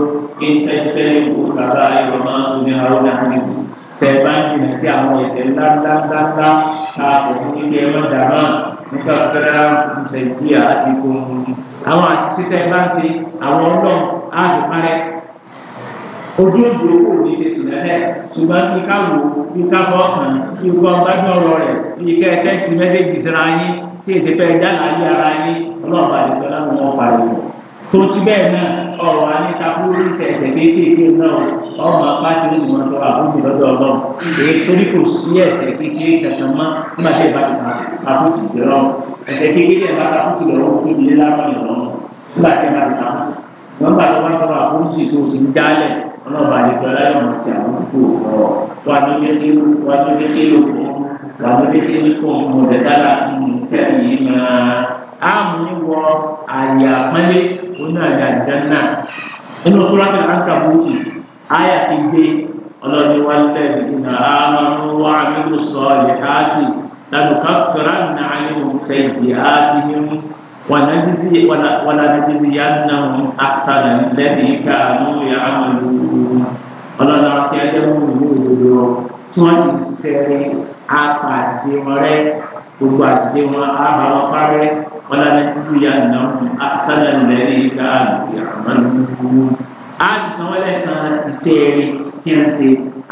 ìtẹ́nitẹ́ni burú tábà ìrọ̀rùn àtòlẹ̀ àwọn àléwò tẹ bá ń jìnnà sí àwọn ẹsẹ̀ ńlá ńlá ńlá ńlá ká òun kíkẹ lọ́dà náà nígbà fẹ́rẹ́ ṣe ìdí àti gbòòrùn àwọn àṣìṣe tẹ bá ń ṣe àwọn ọlọ́run á lè parẹ́ ojú ìgbò kò ní ṣe sílẹ̀ ṣùgbọ́n kí ká wò kí ká bọ́ kàn kí wọ́n gbádùn ọ̀rọ̀ rẹ̀ kí ká ẹ tẹ́sí mẹ́sẹ̀gì síra yín kí èsì fẹ́ jáde ayé ara yín ọlọ́run tó ti bẹ́ẹ̀ náà ọ̀rọ̀ anìtakú ní sẹ̀sẹ̀ kéékèèké náà ọmọ apáti ní ìmọ̀ tó àbújù lọ́dọ̀ ọlọ́run èyí torí kò sí ẹ̀sẹ̀ kéékèèké kankan mọ́ nígbà tí ìbá ti àkóso ìdọ́rọ̀ ẹ̀sẹ̀ kéékèèké ìbá ti àkóso ìdọ́rọ̀ tó di lélárọ̀ ìrọ̀rùn nígbà tí ìbá ti àkóso wọn gbà tó bá tó bá àkóso tó ti ń dálẹ̀ ọlọ́ba àmúwọ àyè àpẹẹlẹ oní àyè àjẹnà inú sùrọ̀tì àǹkàbùtì àyà ti gbé ọlọ́ni wà lẹ́yìn iná àmàlú wà nínú sọ̀rọ̀ káàtì lánàá kọ́kọ́rọ́ náà nínú sẹ́yìn àti nínú wàlànàjìzìyànnàhùn àtàlà lẹ́yìn káàmú yàmàlú ọlọ́ni àti ẹ̀dẹ́wọ̀n ìlú òdodo tí wọ́n sì sẹ́yìn apàṣẹ wọn rẹ gbogbo àṣìṣe wọn àbáwọn parẹ́. ولنجزينهم أحسن الذي كانوا يعملون àti sanwó lẹ́sàn iṣẹ́ rẹ̀ tí a ń ṣe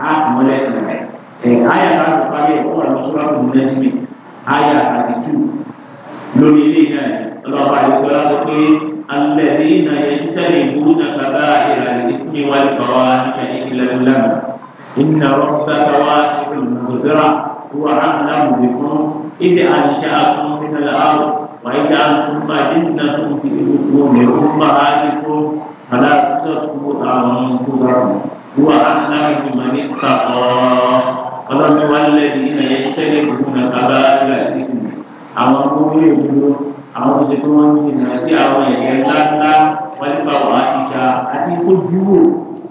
àtúnwó lẹ́sàn rẹ̀ àyà ká ló parí ẹ̀kọ́ ọ̀rọ̀ sọ́ra kò múlẹ̀ jù mí àyà àti tù lórí ilé náà ọlọ́pàá àdìgbò la sọ pé alẹ́ ní iná yẹn ti tẹ̀lé ìbúrú náà kàdá ìlànà ìfúnni wà ní kọ̀ọ̀ àníkà ní ìlẹ̀ ńlẹ́mù ìnà rọ́bà káwá sí ìlú mọ̀gòdìrà wà á nàmù bìkún ìdí àníṣe àtúnwó nínú وإجعلكم أجنة في بطون أمهاتكم فلا تزكوا أنفسكم هو أعلم بمن اتقى ولم الذين يجتنبون كبائر الإثم àwọn gbogbo èdúró àwọn tó ti fi wọn jìnnà sí àwọn ẹ̀yẹ ńláńlá wọlébà wà ìjà àti kójúwò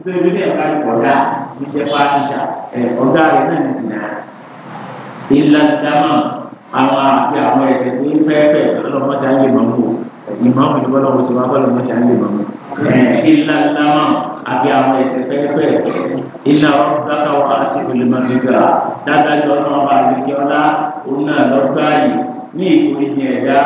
bẹ́ẹ̀ bẹ́ẹ̀ ká ìkọ̀dá ìjẹba ìjà ẹ̀ ọ̀gá rẹ̀ náà nìsín náà ìlànà dáhùn àwọn àti àwọn ẹ̀sẹ̀ tó ń fẹ́ fẹ́ ọlọ́mọṣẹ́ ayé mọ̀mú ìmọ̀mù ni bọ́lá wọn ti wá bọ́lá ọmọṣẹ́ ayé mọ̀mú. ìlà lámà àti àwọn ẹ̀sẹ̀ fẹ́fẹ́ iná ọ̀dọ́kàwọ́ àṣìkò lè máa gbégbá dádájọ́ náà bá gbégbé ọlá òun náà lọ gbáàyè ní ìpèsè ẹ̀dá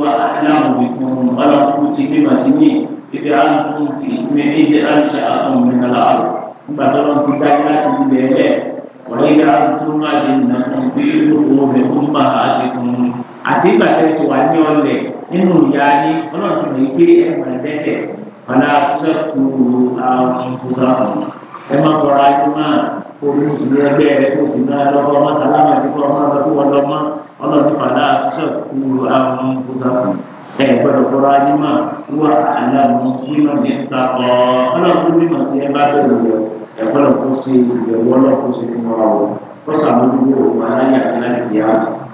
wà láwùjọ fún ọlọ́kùnrin ti bímọ sí ní ibi àlùkùn ìgbẹ́ ìdí àlùṣà àtọ̀mùnìyàn láàrú nígbà tó lọ́ وإذا أنتم أجنكم في بطون أمهاتكم àti ìgbà tẹ́ ti wà ní ọlẹ̀ nínú ìyá yín ọlọ́run ti mọ̀ pé ẹ mọ̀ ẹ̀dẹ́sẹ̀ ọ̀la ṣe kú àwọn ìfúnṣà ọ̀hún ẹ má kọ́ra ẹ má orí ìṣúlẹ̀ ẹgbẹ́ rẹ kó sì máa lọ́kọ́ ọmọ sálámà sí kọ́ ọmọ ọdún wọn lọ́mọ ọlọ́run ti fàdá ṣe kú àwọn ìfúnṣà ọ̀hún ẹ gbọ́dọ̀ kọ́ra ẹ má wá àlàmú mímọ̀ ìta ọ̀ ọlọ́run mímọ̀ sí ẹ bá bẹ̀rù rẹ̀ ẹ̀kọ́ náà kó ṣe ìbẹ̀wò náà kó ṣe fún wa o kó sàmójúgbò òun aláyà àti láti yá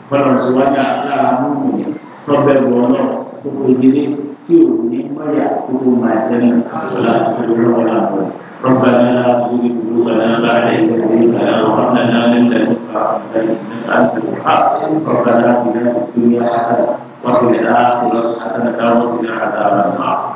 kọ́nà tí wọ́n dá lára múlù yẹn tó bẹ̀rù ọ̀nà tó kó délé tí ò ní mọ́yà tó kó máa tẹ́lẹ̀ àtọ́lá àtọ́lá àtọ́lá ربنا لا تزغ قلوبنا بعد إذ هديتنا وهب لنا من لدنك رحمة إنك أنت الوهاب ربنا آتنا في الدنيا حسنة وفي الآخرة حسنة وقنا عذاب النار